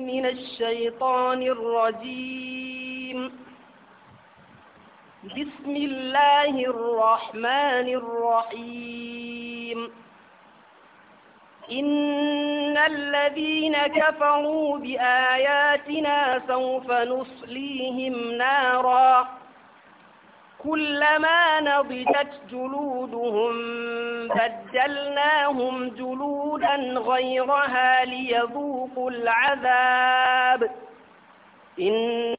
من الشيطان الرجيم بسم الله الرحمن الرحيم إن الذين كفروا بآياتنا سوف نصليهم ناراً كلما نضجت جلودهم بدلناهم جلودا غيرها ليذوقوا العذاب إن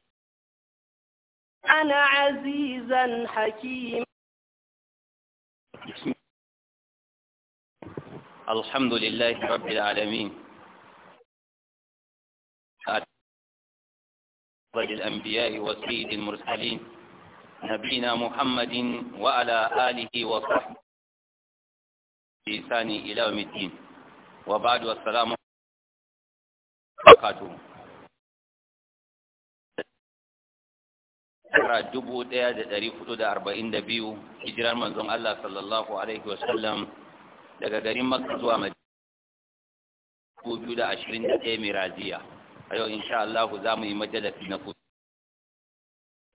أنا عزيزا حكيما الحمد لله رب العالمين الأنبياء وسيد المرسلين نبينا محمد وعلى آله وصحبه لسان إلى يوم الدين وبعد والسلام وبركاته shekara dubu ɗaya da ɗari hudu da arba'in da biyu hijirar manzon Allah sallallahu alaihi wasallam daga garin Makka zuwa Madina kudu da ashirin da ɗaya miraziya a yau insha Allah za mu yi majalasi na kudu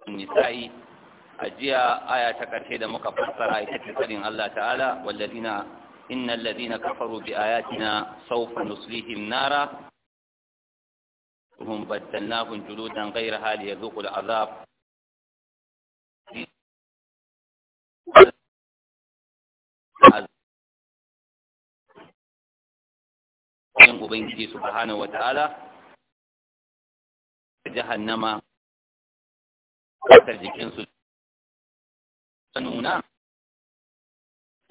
nisa'i ajiya aya ta karshe da muka fassara ita ce Allah ta'ala wallazina innal ladina kafaru bi ayatina sawfa nuslihim nara hum gaira juludan ghayraha liyadhuqul azab yin ubangiji subhanahu wataala jahannama kasar jikinsu nuna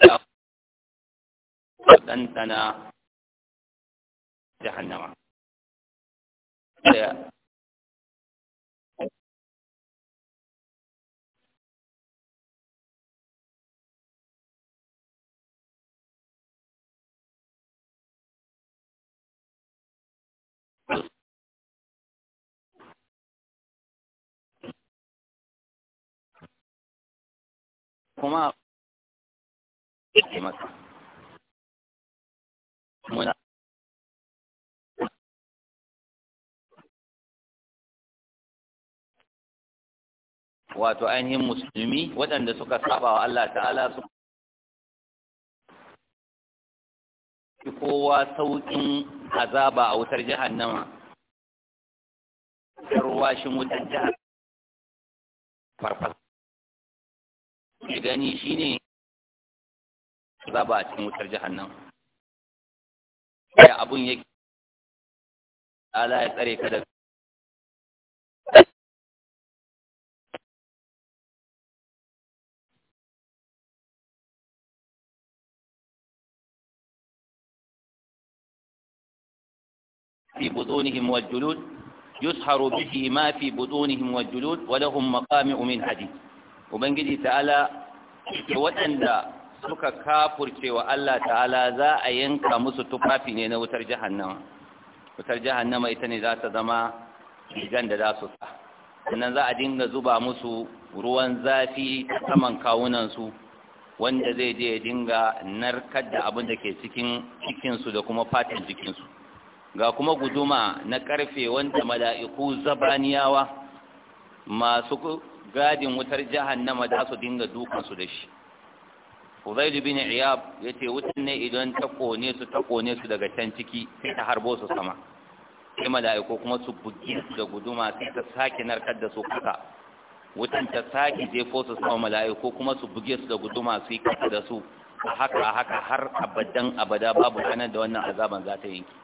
da ɗanɗana jahannama kuma kuma masa muna wato ainihin musulmi waɗanda suka saba wa Allah ta'ala su kowa sauƙin azaba a wutar jahannama ruwa shi wutar jahannama farfasa ke gani shine za ba a cikin wutar jahannam ya abun yake ala ya tsare ka da في بطونهم والجلود يسحر به ما في بطونهم والجلود ولهم مقامع من حديد ubangiji ta'ala waɗanda suka kafurce wa Allah ta'ala za a yanka musu tufafi ne na wutar jihannama. wutar jihannama ita ne za ta zama rigan da za su sa sannan za a dinga zuba musu ruwan zafi saman kawunansu wanda zai je dinga narkar da abin da ke cikin cikinsu da kuma fatin jikinsu ga kuma guduma na ƙarfe wanda mala'iku zabaniyawa masu gadin wutar jahannama da su dinga dukansu da shi Fudailu bin Iyab ya ce wutan ne idan ta kone su ta kone su daga can ciki sai ta harbo su sama sai mala'iku kuma su bugi su da guduma sai ta sake narkar da su kasa wutan ta sake jefo su sama mala'iku kuma su buge su da guduma su yi kasa da su a haka haka har abadan abada babu ranar da wannan azaban za ta yanki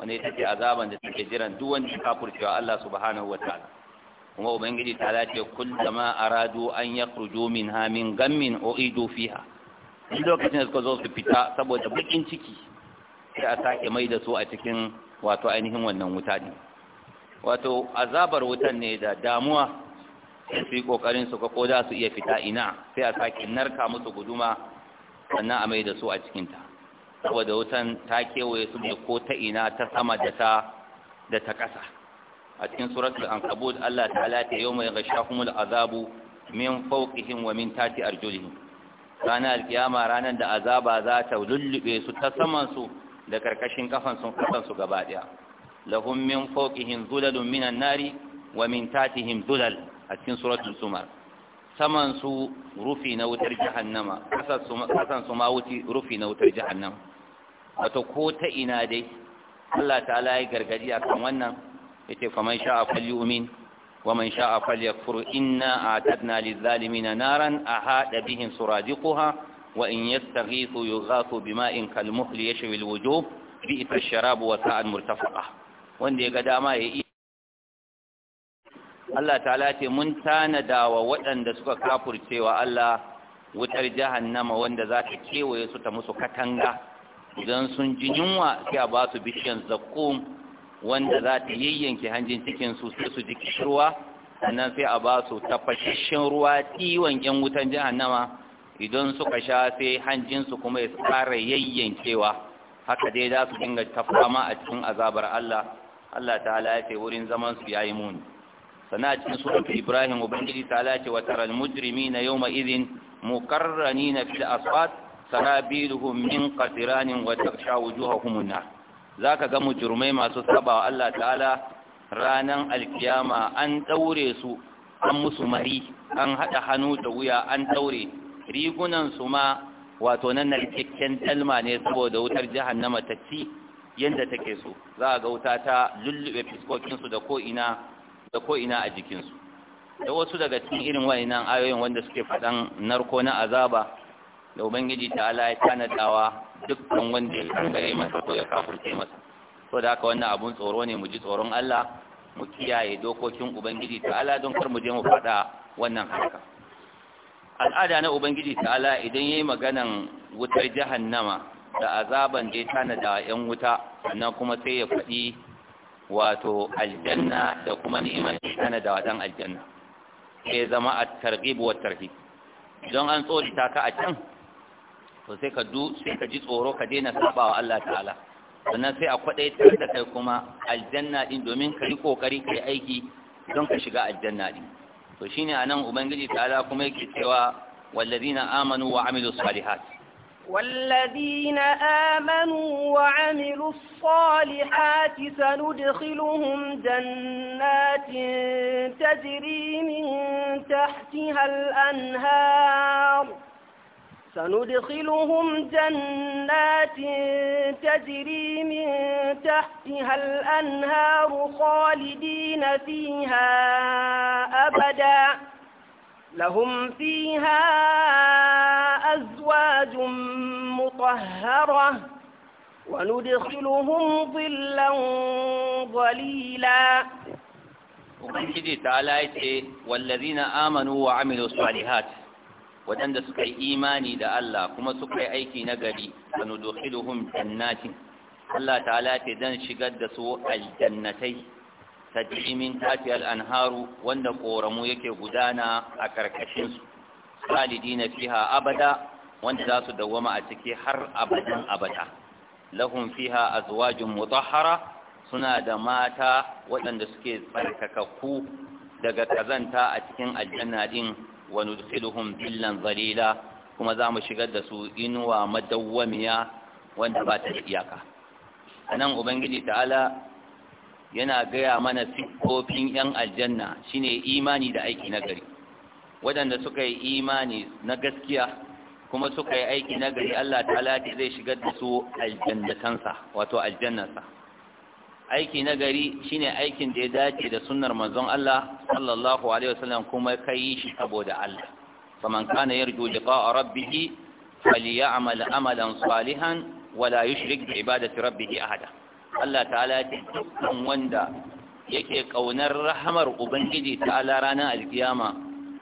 wani ita ce azaban da take jiran duk wanda kafurcewa Allah subhanahu wa ta'ala kuma ubangiji ta lace kullama aradu an yakhruju minha min gammin uidu fiha duk lokacin da suka zo su fita saboda bakin ciki sai a sake mai da su a cikin wato ainihin wannan wuta ne wato azabar wutan ne da damuwa su yi kokarin su ko za su iya fita ina sai a sake narka musu guduma sannan a mai da su a cikinta saboda wutan ta kewaye su ne ko ta ina ta sama da ta da ta ƙasa a cikin suratul ankabut Allah ta'ala ta yau mai gashahumul azabu min fawqihim wa min tati arjulihim ranar alkiyama ranar da azaba za ta lullube su ta saman su da karkashin kafan sun kasan su gaba daya lahum min fawqihim zulalun minan nari wa min tatihim zulal a cikin suratul zumar saman su rufi na wutar jahannama kasan su ma wuti rufi na wutar jahannama wato ko ta ina dai Allah ta'ala ya gargadi akan wannan yace faman sha'a falyu'min wa man sha'a falyakfur inna a'tadna lizzalimina naran ahada bihim suradiquha wa in yastaghithu yughathu bima'in kalmuhli yashwi alwujuh bi'sa ash wa sa'at murtafaqa wanda yaga dama yayi Allah ta'ala ce mun tanada wa waɗanda suka kafurcewa Allah wutar jahannama wanda za ta kewaye su ta musu katanga idan sun ji yunwa sai a ba su bishiyan zakkum wanda za ta yayyanke hanjin cikinsu sai su ji kishirwa sannan sai a ba su tafashashin ruwa tiwon yan wutan jahannama idan suka sha sai hanjinsu kuma ya tsara yayyankewa haka dai za su dinga tafama a cikin azabar Allah Allah ta'ala ya ce wurin zaman su yayi muni sana a cikin suratul Ibrahim ubangiji ta'ala ce wa taral na yawma idhin muqarranina fil asfat sarabiluhum min qatranin wa taksha wujuhahum nar za ka ga mujurmai masu saba Allah ta'ala ranar alkiyama an ɗaure su an musu mari an haɗa hannu da wuya an Rigunan su ma wato nan narkakken talma ne saboda wutar jahannama na ci yadda take so za ga wuta ta lullube fiskokinsu da ko'ina da ko'ina a jikinsu da wasu daga cikin irin wayannan ayoyin wanda suke faɗan narko na azaba da ubangiji ta'ala ya tanadawa dukkan wanda ya tangare masa ko ya kafurce masa to da haka wannan abun tsoro ne mu ji tsoron Allah mu kiyaye dokokin ubangiji ta'ala don kar mu je mu fada wannan haka al'ada na ubangiji ta'ala idan yayi maganan wutar jahannama da azaban da ya tanada yan wuta sannan kuma sai ya faɗi wato aljanna da kuma ni'imar da tanada wa dan aljanna sai zama at-targhib wa tarhib don an ta ka a can to sai ka du sai ka ji tsoro ka daina saba wa Allah ta'ala sannan sai a tare da kai kuma aljanna din domin ka yi kokari ka yi aiki don ka shiga aljanna din to shine anan ubangiji ta'ala kuma yake cewa wallazina amanu wa amilus salihat والذين آمنوا وعملوا الصالحات سندخلهم جنات تجري من تحتها الأنهار سندخلهم جنات تجري من تحتها الأنهار خالدين فيها أبدا لهم فيها أزواج مطهرة وندخلهم ظلا ظليلا وبنجد تعالى والذين آمنوا وعملوا الصالحات waɗanda suka yi imani da Allah kuma suka yi aiki na gari da nudukhiluhum jannatin Allah ta'ala ce zan shigar da su aljannatai tajri min anharu wanda ƙoramu yake gudana a ƙarƙashinsu. su na fiha abada wanda za su dawwama a ciki har abadan abada lahum fiha azwajun mutahhara suna da mata waɗanda suke tsarkakakku daga kazanta a cikin aljanna din Wani nudkhiluhum dillan zalila kuma za mu shigar da su inuwa madawwamiya wanda ba ta da iyaka anan ubangiji ta'ala yana gaya mana siffofin yan aljanna shine imani da aiki na gari waɗanda suka yi imani na gaskiya kuma suka yi aiki na gari Allah ta'ala zai shigar da su aljannatansa wato aljannansa aiki na gari shine aikin da ya dace da sunnar manzon Allah sallallahu alaihi wasallam kuma kai shi saboda Allah faman kana yarju liqa'a rabbih falyamal amalan salihan wala yushrik bi ibadati rabbih ahada Allah ta'ala ya dukkan wanda yake kaunar rahamar ubangiji ta'ala ranar alkiyama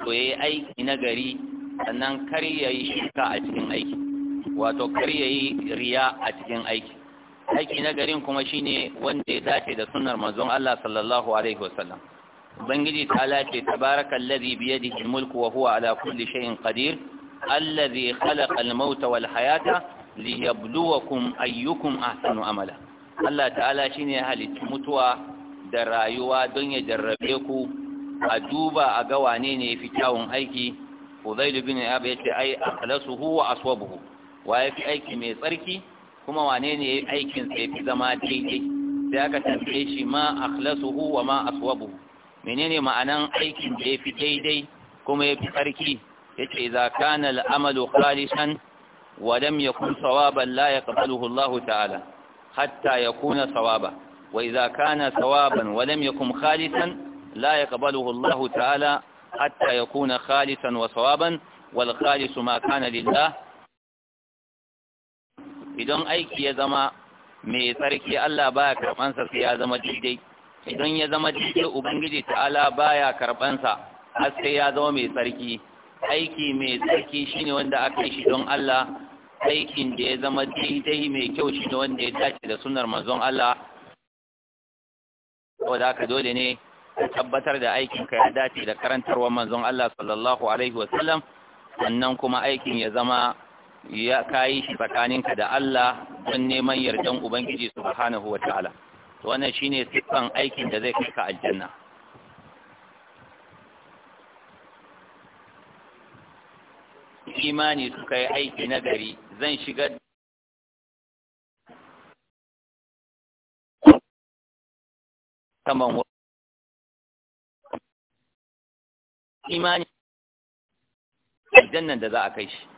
to yayi aiki na gari sannan kar yayi shirka a cikin aiki wato kar yayi riya a cikin aiki aiki na garin kuma shine wanda ya dace da sunnar manzon Allah sallallahu alaihi wasallam ubangiji ta lace tabarakallazi bi yadihi mulku wa huwa ala kulli shay'in qadir allazi khalaqa al-mauta wal hayata liyabluwakum ayyukum ahsanu amala Allah ta'ala shine ya halitta mutuwa da rayuwa don ya jarrabe ku a duba a ga wane ne fi kyawun aiki Fudailu bin Iyab yace ai akhlasuhu wa aswabuhu wa yafi aiki mai tsarki kuma wane ne aikin sai fi zama daidai sai aka tambaye shi ma akhlasuhu wa ma aswabu menene ma'anan aikin da yafi daidai kuma yafi tsarki yace idza kana al'amalu khalisan wa lam yakun sawaban la yaqbaluhu Allah ta'ala hatta yakuna sawaba wa idza kana sawaban wa lam yakun khalisan la yaqbaluhu Allah ta'ala hatta yakuna khalisan wa sawaban wal khalisu ma kana lillah idan aiki ya zama mai tsarki Allah baya karɓansa sai ya zama daidai idan ya zama daidai ubangiji ta'ala baya karɓansa har sai ya zama mai tsarki aiki mai tsarki shine wanda aka yi shi don Allah aikin da ya zama daidai mai kyau shine wanda ya dace da sunnar manzon Allah saboda haka dole ne ka tabbatar da aikin ka ya dace da karantarwar manzon Allah sallallahu alaihi wasallam sannan kuma aikin ya zama ya kayi shi tsakaninka da Allah don neman yardan Ubangiji subhanahu wa ta'ala wannan shine siffan aikin da zai kai ka aljanna imani suka yi aiki na gari zan shiga saman imani aljannan da za a kai shi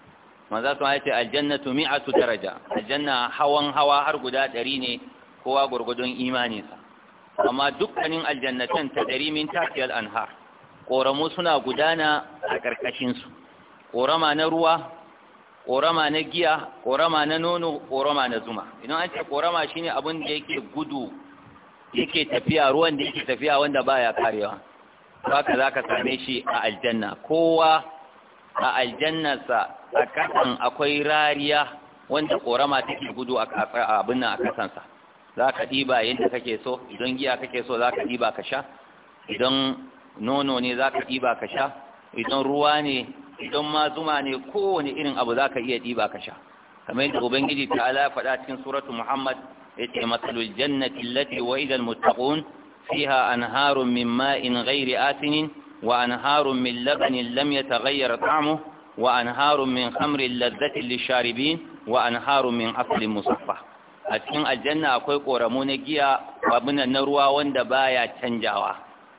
manza su ya ce aljannatu mi'atu daraja aljanna hawan hawa har guda ɗari ne kowa gurgudun imaninsa amma dukkanin aljannatan ta ɗari min tafiyar anhar ƙoramu suna gudana a ƙarƙashinsu ƙorama na ruwa ƙorama na giya ƙorama na nono ƙorama na zuma idan an ce ƙorama shine abin da yake gudu yake tafiya ruwan da yake tafiya wanda baya karewa haka zaka same shi a aljanna kowa a aljannarsa a kasan akwai rariya wanda korama take gudu a abin nan a kasansa za ka ɗiba yadda kake so idan giya kake so za ka ɗiba ka sha idan nono ne za ka ɗiba ka sha idan ruwa ne idan ma zuma ne kowane irin abu za ka iya ɗiba ka sha kamar yadda ubangiji ta ala faɗa cikin suratu muhammad ya ce matsalul jannati allati wa idan muttaqun fiha anharun min ma'in ghairi asinin wa anharun min labanin lam yataghayyar ta'muhu وأنهار من خمر لذة للشاربين وأنهار من عسل مصفى a cikin aljanna akwai koramu na giya abinan na ruwa wanda baya canjawa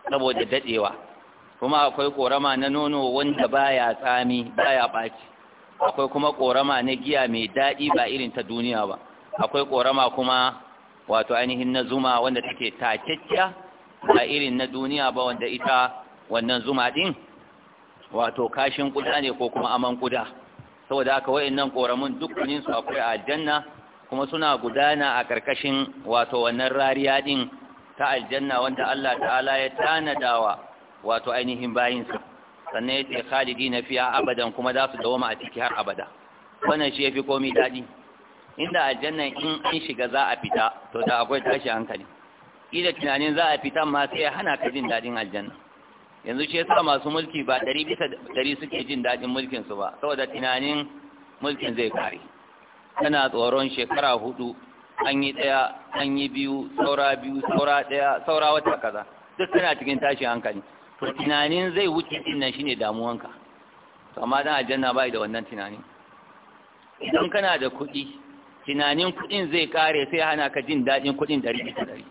saboda dadewa kuma akwai korama na nono wanda baya tsami baya baci akwai kuma korama na giya mai dadi ba irin ta duniya ba akwai korama kuma wato ainihin na zuma wanda take takekkiya ba irin na duniya ba wanda ita wannan zuma din wato kashin kuda ne ko kuma aman kuda saboda haka wayannan koramun dukkanin su akwai a aljanna kuma suna gudana a karkashin wato wannan rariya din ta aljanna wanda Allah ta'ala ya tanadawa wato ainihin bayinsa sannan yace khalidina fiha abadan kuma za su dawo a ciki har abada wannan shi yafi komai dadi inda aljanna in an shiga za a fita to da akwai tashi hankali ida tunanin za a fita ma sai hana ka jin dadin aljanna yanzu shi yasa masu mulki ba ɗari bisa ɗari suke jin daɗin mulkinsu ba saboda tunanin mulkin zai kare tana tsoron shekara hudu an yi ɗaya an yi biyu saura biyu saura ɗaya saura wata kaza duk tana cikin tashin hankali to tunanin zai wuce din nan shine damuwanka to amma dan aljanna bai da wannan tunanin idan kana da kuɗi tunanin kuɗin zai kare sai hana ka jin daɗin kuɗin ɗari bisa ɗari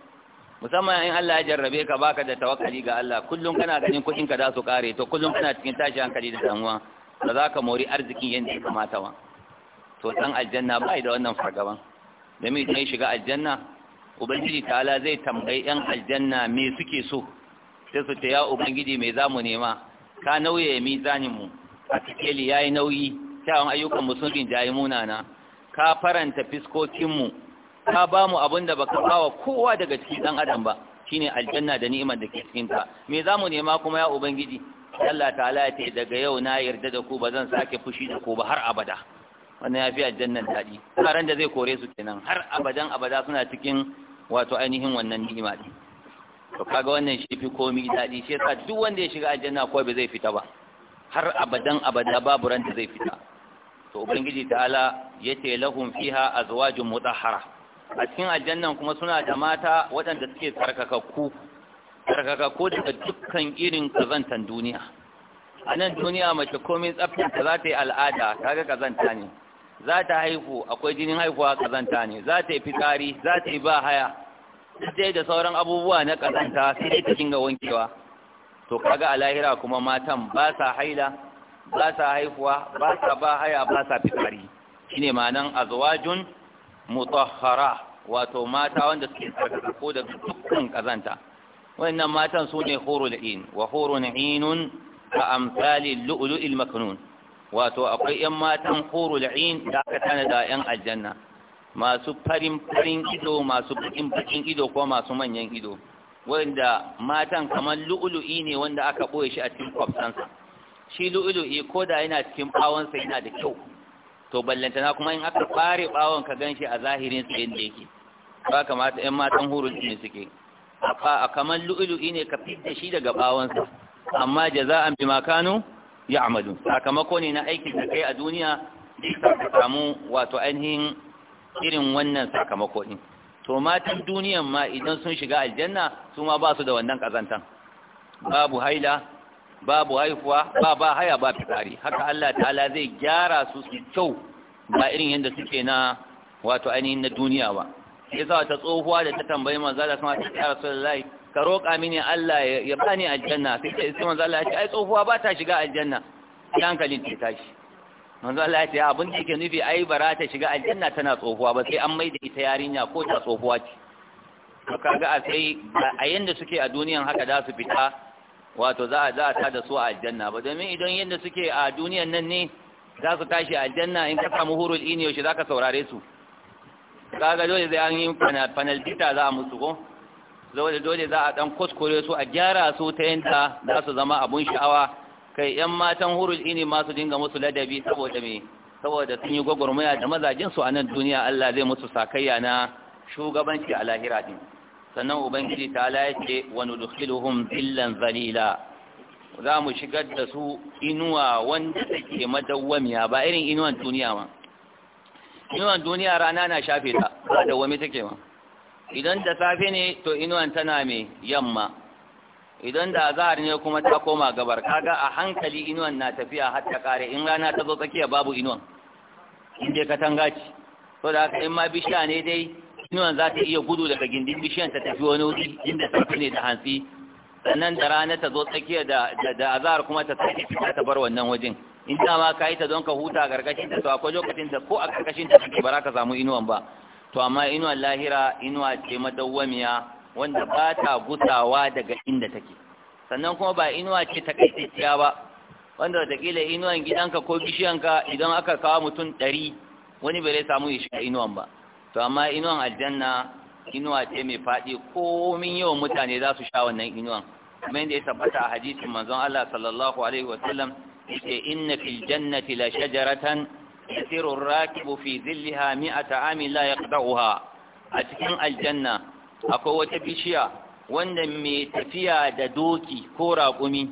musamman in Allah ya jarrabe ka baka da tawakkali ga Allah kullum kana ganin kuɗin ka da su kare to kullum kana cikin tashi hankali da damuwa da za ka mori arzikin yadda ya kamata ba to dan aljanna ba da wannan fargaban da mai dai shiga aljanna ubangiji ta'ala zai tambayi yan aljanna me suke so sai su ce ya ubangiji me zamu nema ka nauye mizanin mu a tikeli yayi nauyi kyawun ayyukan mu sun munana ka faranta fiskokin mu ka ba mu abin da baka wa kowa daga cikin dan adam ba shine aljanna da ni'imar da ke cikin ta me zamu nema kuma ya ubangiji Allah ta'ala ya ce daga yau na yarda da ku ba zan sake fushi da ku ba har abada wannan ya fi aljannan daɗi karan da zai kore su kenan har abadan abada suna cikin wato ainihin wannan ni'ima din to kaga wannan shi fi komi daɗi shi yasa duk wanda ya shiga aljanna ko bai zai fita ba har abadan abada babu ran da zai fita to ubangiji ta'ala yace lahum fiha azwajun mutahhara a cikin aljannan kuma suna da mata waɗanda suke tsarkakakku tsarkakakku daga dukkan irin kazantan duniya a nan duniya mace komai ta za ta yi al'ada ta ga kazanta ne za ta haihu akwai jinin haihuwa kazanta ne za ta yi fitsari za ta yi ba haya sai da sauran abubuwa na kazanta sai dai ta dinga wankewa to kaga a lahira kuma matan ba sa haila ba sa haihuwa ba sa ba haya ba sa fitsari shine ma'anan azwajun mutahhara wato mata wanda suke tsarkaka ko da dukkan kazanta Wannan matan su ne hurul in wa hurun inun ka amsali lu'lu'il maknun wato akwai yan matan hurul in da aka tana da yan aljanna masu farin farin ido masu bukin bukin ido ko masu manyan ido wanda matan kamar lu'lu'i ne wanda aka boye shi a cikin kwafsansa shi lu'lu'i ko da yana cikin bawonsa yana da kyau to ballantana kuma in aka fare bawon ka ganshi a zahirin su yadda yake ba kamata ƴan matan hurun ne suke a kaman lu'ulu'i ne ka fita shi daga bawonsa amma jaza'an bi makanu amadu sakamako ne na aiki da kai a duniya ka samu wato ainihin irin wannan sakamako din to matan duniyan ma idan sun shiga aljanna su ma ba su da wannan kazantan babu haila babu haifuwa ba ba haya ba fitari haka Allah ta'ala zai gyara su su kyau ba irin yadda suke na wato ainihin na duniya ba ya sa ta tsohuwa da ta tambayi manzo Allah kuma ta rasulullahi ka roƙa mini Allah ya bani aljanna sai ta isa manzo Allah ya ce ai tsohuwa ba ta shiga aljanna ya hankalin ta tashi manzo Allah ya ce abin da yake nufi ai bara ta shiga aljanna tana tsohuwa ba sai an maida ita yarinya ko ta tsohuwa ce ka kaga a sai a yanda suke a duniyan haka za su fita wato za a za a tada su a aljanna ba domin idan yadda suke a duniyan nan ne za su tashi aljanna in ka samu hurul ini yaushe za ka saurare su kaga dole zai an yi panaltita za a musu ko dole dole za a dan kuskure su a gyara su ta yanta za su zama abun sha'awa kai yan matan hurul ini ma su dinga musu ladabi saboda me saboda sun yi gwagwarmaya da mazajinsu su a nan duniya Allah zai musu sakayya na shugabanci a lahira din sannan ubangiji ta laye wani dukkiluhun billan zalila za mu shigar da su inuwa wanda take madawwamiya ba irin inuwan duniya ma inuwan duniya rana na shafe ta ba dawwami take ma idan da safe ne to inuwan tana mai yamma idan da zahar ne kuma ta koma gabar kaga a hankali inuwan na tafiya har ta kare in rana ta zo tsakiya babu inuwan inda katanga ce to da haka in ma bishiya ne dai inuwan za ta iya gudu daga gindin bishiyan ta tafi wani wuri inda fi ne da hantsi sannan da rana ta zo tsakiya da da kuma ta sake fita ta bar wannan wajen in da ma kai ta don ka huta gargashin ta to akwai lokacin da ko a gargashin ta kake bara ka samu inuwan ba to amma inuwan lahira inuwa ce madawwamiya wanda ba ta gutawa daga inda take sannan kuma ba inuwa ce ta kaitacciya ba wanda watakila inuwan gidanka ko bishiyanka idan aka kawo mutum ɗari wani bai samu ya shiga inuwan ba to amma inuwan aljanna inuwa ce mai faɗi komin yawan mutane za su sha wannan inuwan kuma yadda ya tabbata a hadisin manzon Allah sallallahu alaihi wa sallam yace inna fil jannati la shajaratan yasiru ar-rakibu fi dhillaha mi'ata amin la yaqda'uha a cikin aljanna akwai wata bishiya wanda mai tafiya da doki ko raƙumi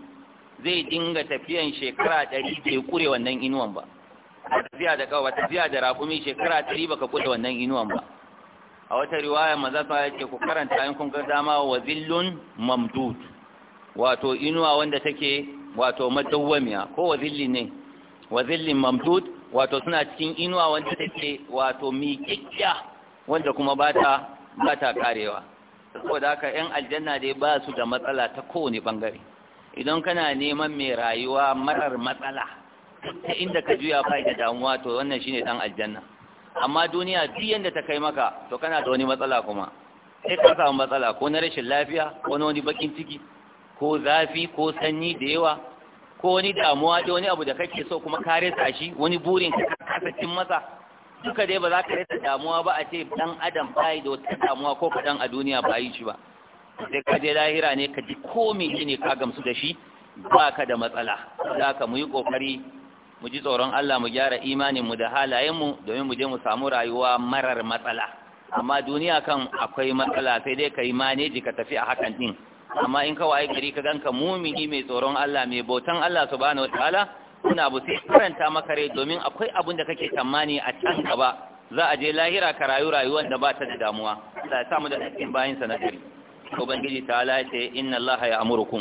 zai dinga tafiyan shekara ɗari bai kure wannan inuwan ba ba tafiya da kawa tafiya da raƙumi shekara ɗari baka kuɗe wannan inuwan ba a wata riwaya maza sa yake ku karanta in kun ga dama wa zillun mamdud wato inuwa wanda take wato madawwamiya ko wa zilli ne wa zillin mamdud wato suna cikin inuwa wanda take wato miƙiƙiya wanda kuma ba ta ba ta karewa saboda haka yan aljanna dai ba su da matsala ta kowane bangare idan kana neman mai rayuwa marar matsala ta inda ka juya ba da damuwa to wannan shine dan aljanna amma duniya duk yanda ta kai maka to kana da wani matsala kuma sai ka samu matsala ko na rashin lafiya ko na wani bakin ciki ko zafi ko sanyi da yawa ko wani damuwa da wani abu da kake so kuma ka resa shi wani burin ka kasa cin masa duka dai ba za ka rasa damuwa ba a ce dan adam bai da wata damuwa ko kadan a duniya ba yi shi ba sai ka je lahira ne ka ji ko me ne ka gamsu da shi ba ka da matsala za ka mu yi kokari mu ji tsoron Allah mu gyara imanin mu da halayenmu domin mu je mu samu rayuwa marar matsala amma duniya kan akwai matsala sai dai ka kai maneji ka tafi a hakan din amma in ka waye gari ka ganka mumini mai tsoron Allah mai bautan Allah subhanahu wataala kuna abu sai karanta maka rai domin akwai abun da kake tsammani a can gaba za a je lahira ka rayu rayuwar da ba ta da damuwa Allah ya samu da cikin bayin sa na gari ubangiji ta ce inna Allah ya amurukum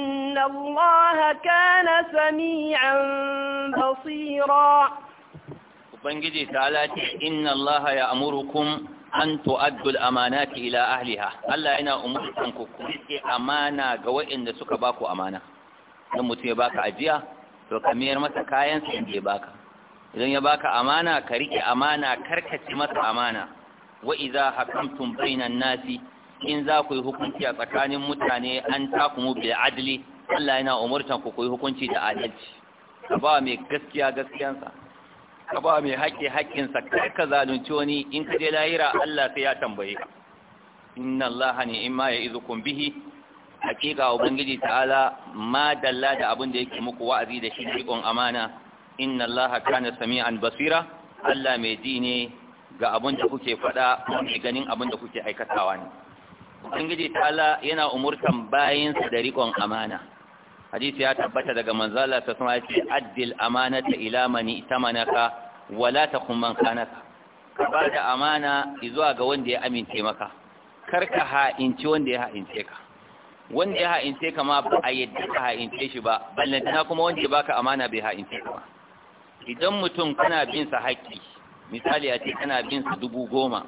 الله كان سميعا بصيرا وبنجي تعالى Allah ya يأمركم an tu'addul amanati ila ahliha Allah yana umurtan ku ku rike amana ga waɗanda suka baku amana dan mutum ya baka ajiya to kamiyar masa kayan sa inda ya baka idan ya baka amana ka riƙe amana karkace masa amana wa idza hakamtum bainan nasi in za ku yi hukunci a tsakanin mutane an takumu bil adli Allah yana umurtan ku koyi hukunci da adalci ka ba mai gaskiya gaskiyansa ka ba mai haƙƙi haƙƙinsa kar ka zalunci wani in ka je lahira Allah sai ya tambaye ka inna Allah ne in ma ya'izukum bihi hakika ubangiji ta'ala ma dalla da abin da yake muku wa'azi da shi riƙon amana inna Allah kana sami'an basira Allah mai ji ne ga abin da kuke faɗa mai ganin abin da kuke aikatawa ne ubangiji ta'ala yana umurtan bayinsa da riƙon amana hadisi ya tabbata daga manzala ta sama yace addil amanata ila man itamanaka wala takum man kanaka ka ba da amana zuwa ga wanda ya amince maka kar ka ha'inci wanda ya ha'ince ka wanda ya ha'ince ka ma ba a yadda ka ha'ince shi ba ballantana kuma wanda ya baka amana bai ha'ince ka ba idan mutum kana bin sa haƙƙi misali a ce kana bin sa dubu goma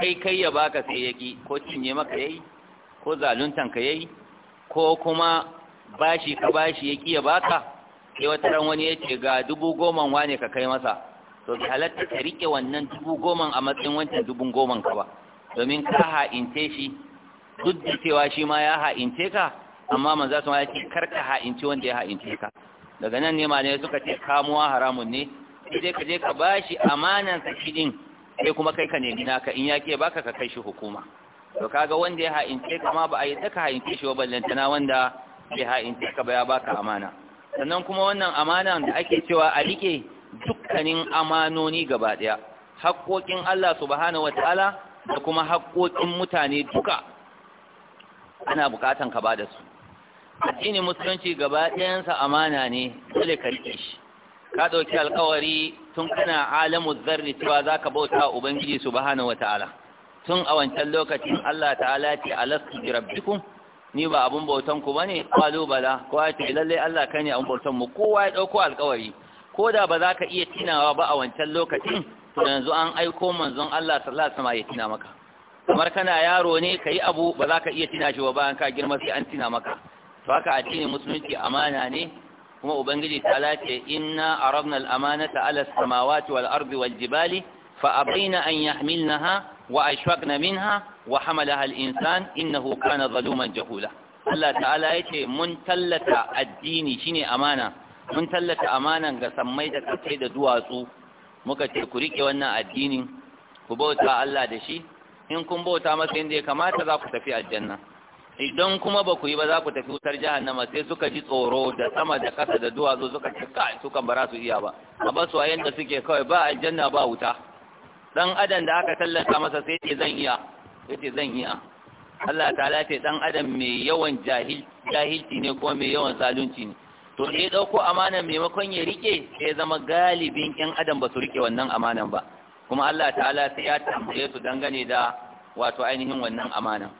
kai kai ya baka sai yaƙi ko cinye maka yayi ko zaluntan ka yayi ko kuma bashi ka bashi ya kiya baka sai wata ran wani ya ce ga dubu goma wane ka kai masa to bi halatta ka rike wannan dubu goma a matsayin wancan dubu goma ka ba domin ka ha'ince shi duk da cewa shi ma ya ha'ince ka amma manzo sun ya ce kar ka ha'ince wanda ya ha'ince ka daga nan ne malamai suka ce kamuwa haramun ne sai ka je ka bashi amanan sa shi ɗin sai kuma kai ka nemi naka in yake baka ka kai shi hukuma to kaga wanda ya ha'ince ka ma ba a yi ta ka ha'ince shi ba ballantana wanda biha in taka ba ya baka amana sannan kuma wannan amana da ake cewa a rike dukkanin amanoni gaba daya haƙoƙin Allah subhanahu wataala da kuma haƙoƙin mutane duka ana buƙatan ka bada su addini musulunci gaba ɗayan sa amana ne dole ka rike shi ka dauki alƙawari tun kana alamu zarri cewa zaka bauta ubangiji subhanahu wataala tun a wancan lokacin Allah ta'ala ce alastu rabbikum ni ba abun bautan ku bane qalu bala ko ya ce lalle Allah ka ne abun bautan mu kowa ya dauko alƙawari ko da ba za ka iya tinawa ba a wancan lokacin to yanzu an aiko manzon Allah sallallahu alaihi wasallam ya tina maka kamar kana yaro ne kai abu ba za ka iya tina shi ba bayan ka girma sai an tina maka to haka addinin musulunci amana ne kuma ubangiji ta lace inna aradna al-amanata ala as-samawati wal ardi wal jibali fa baina an yahmilnaha وأشفقنا منها وحملها الإنسان إنه كان ظلوما جهولا Allah ta'ala ya ce mun tallata addini shine amana mun tallata amanan ga sammai da kasai da duwatsu muka ce ku rike wannan addinin ku bauta Allah da shi in kun bauta masa inda ya kamata za ku tafi aljanna idan kuma ba ku yi ba za ku tafi wutar jahannama sai suka ji tsoro da sama da kasa da duwatsu suka ce suka bara su iya ba a basu a yanda suke kawai ba aljanna ba wuta dan adam da aka tallata masa sai ce zan iya ce zan iya Allah ta'ala ce dan adam mai yawan jahilci ne ko mai yawan zalunci ne to sai dauko amanan maimakon ya rike sai zama galibin yan adam ba su rike wannan amanan ba kuma Allah ta'ala sai ya tambaye su dangane da wato ainihin wannan amanan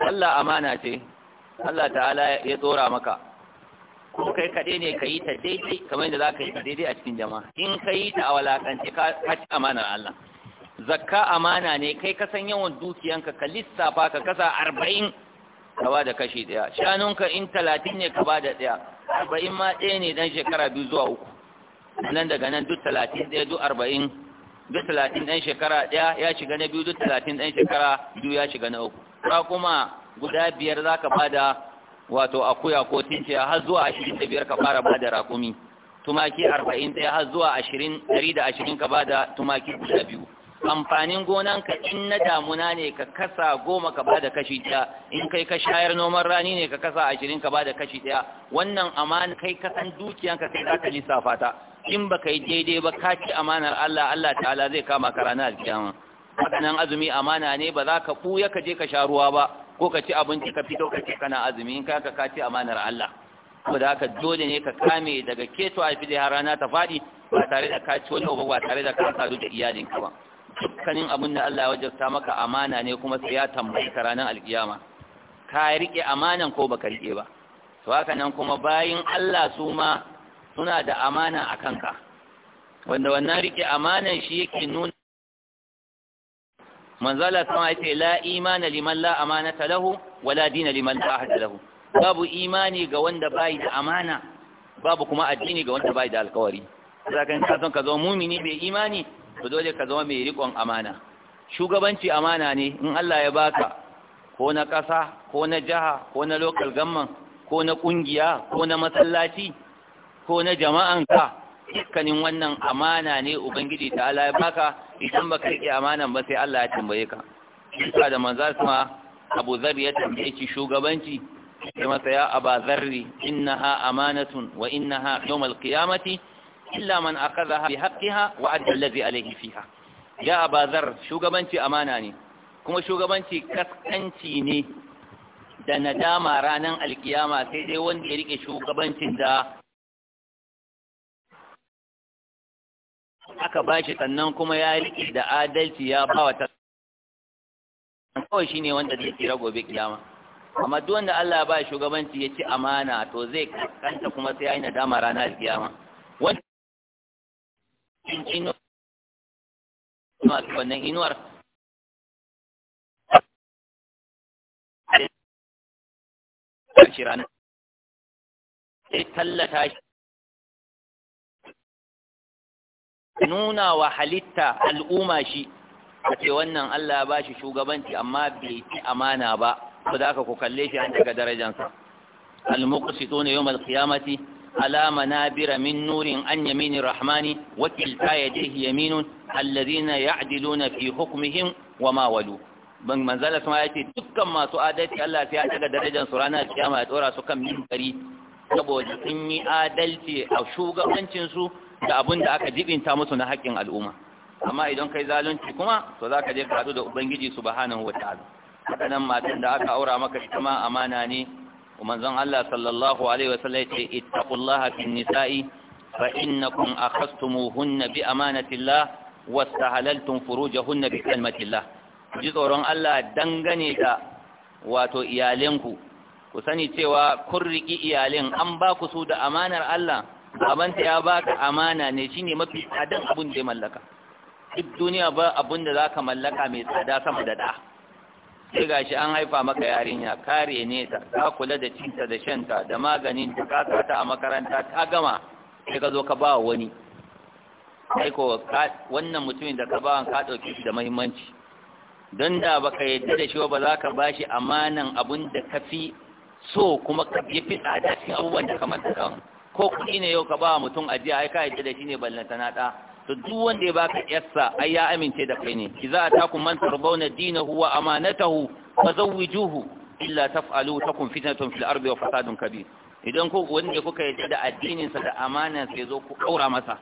Allah amana ce Allah ta'ala ya tsora maka ko kai kaɗai ne ka yi ta daidai kamar yadda za ka yi ta daidai a cikin jama'a in ka yi ta a walakance ka ci amanar Allah zakka amana ne kai ka san yawan dukiyanka ka lissafa ka kasa arba'in ka ba da kashi ɗaya shanunka in talatin ne ka ba da ɗaya arba'in ma ɗaya ne dan shekara biyu zuwa uku nan daga nan duk talatin ɗaya duk arba'in duk talatin ɗan shekara ɗaya ya shiga na biyu duk talatin ɗan shekara biyu ya shiga na uku ka kuma guda biyar za ka bada wato akuya ko tinciya har zuwa ashirin da biyar ka fara bada rakumi tumaki arba'in ɗaya har zuwa ashirin ɗari da ashirin ka bada tumaki guda biyu amfanin gonanka in na damuna ne ka kasa goma ka bada kashi ɗaya in kai ka shayar noman rani ne ka kasa ashirin ka bada kashi ɗaya wannan amana kai ka san dukiyanka sai za ka lissafa ta in ba yi daidai ba ka ci amanar Allah Allah ta'ala zai kama ka ranar alkiyama hakanan azumi amana ne ba za ka ɓuya ka je ka sha ruwa ba ko ka ci abinci ka fito ka ce kana azumi in ka ka ci amanar Allah saboda haka dole ne ka kame daga keto a fi da rana ta faɗi ba tare da ka ci wani ba tare da ka sadu da iyalinka ba dukkanin abin da Allah ya wajabta maka amana ne kuma sai ya tambayi ka ranar alkiyama ka rike amanan ko baka rike ba to haka nan kuma bayin Allah su ma suna da amana a kanka wanda wannan rike amanan shi yake nuna manzala sama ya ce la imana liman la amanata lahu wala dina liman la ahada lahu babu imani ga wanda bai da amana babu kuma addini ga wanda bai da alkawari sakan ka son ka zo mumini bai imani to dole ka zama mai rikon amana shugabanci amana ne in Allah ya baka ko na ƙasa ko na jiha ko na local gamman ko na ƙungiya ko na masallaci ko na jama'anka dukkanin wannan amana ne ubangiji ta Allah ya baka idan baka yi amanan ba sai Allah ya tambaye ka isa da manzo kuma Abu Zar ya tambaye shi shugabanci sai masa ya Abu Zarri innaha amanatun wa innaha yawmal qiyamati illa man أخذها بحقها وعد الذي عليه فيها يا fiha ya abazar shugabanci amana ne kuma shugabanci kaskanci ne da nadama ranar alkiyama sai dai wanda ya rike shugabancin da aka bashi sannan kuma ya riƙe da adalci ya bawa ta kawai shine wanda zai tsira gobe kiyama amma duk wanda Allah ya ba shugabanci ya ci amana to zai kanta kuma sai ya yi nadama ranar alkiyama cikin inuwar wannan inuwar sai tallata shi nuna wa halitta al'umma shi a ce wannan Allah ba shi shugabanci amma bai ci amana ba ko da ku kalle shi an daga darajansa al-muqsituna yawm al-qiyamati على منابر من نور عن يمين الرحمن وكلتا يديه يمين الذين يعدلون في حكمهم وما ولوا ban manzala sama ya ce dukkan masu adalci Allah sai ya daga darajar su ranar kiyama ya dora su kan mimbari saboda sun yi adalci a shugabancin su da abin da aka jibinta musu na haƙƙin al'umma amma idan kai zalunci kuma to zaka je ka hadu da ubangiji subhanahu wataala haka nan matan da aka aura maka ita ma amana ne ومنزل الله صلى الله عليه وسلم اتقوا الله في النساء فإنكم أخذتموهن بأمانة الله واستهللتم فروجهن بكلمة الله جزء الله دنغني wato iyalenku ku sani cewa kun riƙi iyalan. an ba ku su da amanar Allah abanta ya ba ka amana ne shine mafi tsadan abin da ya mallaka duk duniya ba abin da za ka mallaka mai tsada sama da da'a sai ga shi an haifa maka yarinya kare ne ta ka kula da cinta da shanta da maganin ta ka ta a makaranta ta gama sai ka zo ka ba wani aiko wannan mutumin da ka ba ka dauke shi da muhimmanci don da baka yadda da shi ba za ka bashi amanan abun da ka fi so kuma ka fi tsada cikin abubuwan da kamar da kan ko kuɗi ne yau ka ba mutum ajiya ai ka yadda da shi ne ballantana ɗa to duk wanda ya baka yarsa ai ya amince da kai ne idza atakum man tarbawna dinahu wa amanatahu fazawwijuhu illa taf'alu takun fitnatun fil ardi wa fasadun kabir idan ku wanda kuka yarda da addinin sa da amanan sa yazo ku kaura masa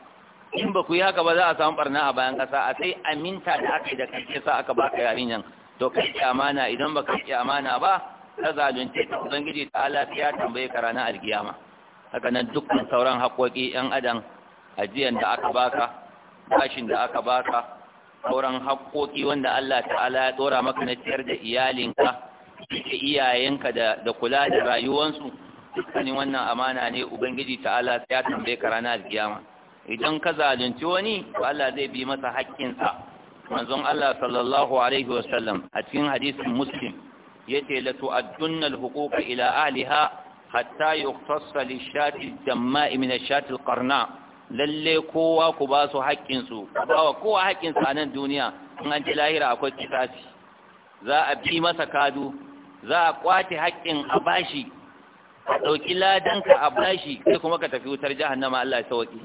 in ba ku yi haka ba za a samu barna a bayan kasa a sai aminta da aka yi da kai sa aka baka yarinyan to kai ki amana idan ba kai ki amana ba ta zalunce ta ubangiji ta ala ya tambaye ka ranar alkiyama haka nan dukkan sauran haƙoƙi 'yan adam ajiyan da aka baka bashin da aka baka sauran haƙoƙi wanda Allah ta'ala ya dora maka na ciyar da iyalinka da iyayenka da kula da rayuwansu dukkanin wannan amana ne ubangiji ta'ala ya tambaye ka ranar kiyama idan ka zalunci wani to Allah zai bi masa haƙƙinsa manzon Allah sallallahu alaihi wasallam a cikin hadisin muslim yace la tu'addunna al ila ahliha hatta yuqtassa lish-shati ad-damma'i min ash-shati al-qarna lalle kowa ku ba su haƙƙinsu ba wa kowa haƙƙinsu a nan duniya in an ci lahira akwai kisasi za a fi masa kadu za a kwace haƙƙin a bashi a ɗauki ladanka a bashi sai kuma ka tafi wutar jahannama Allah ya sauƙi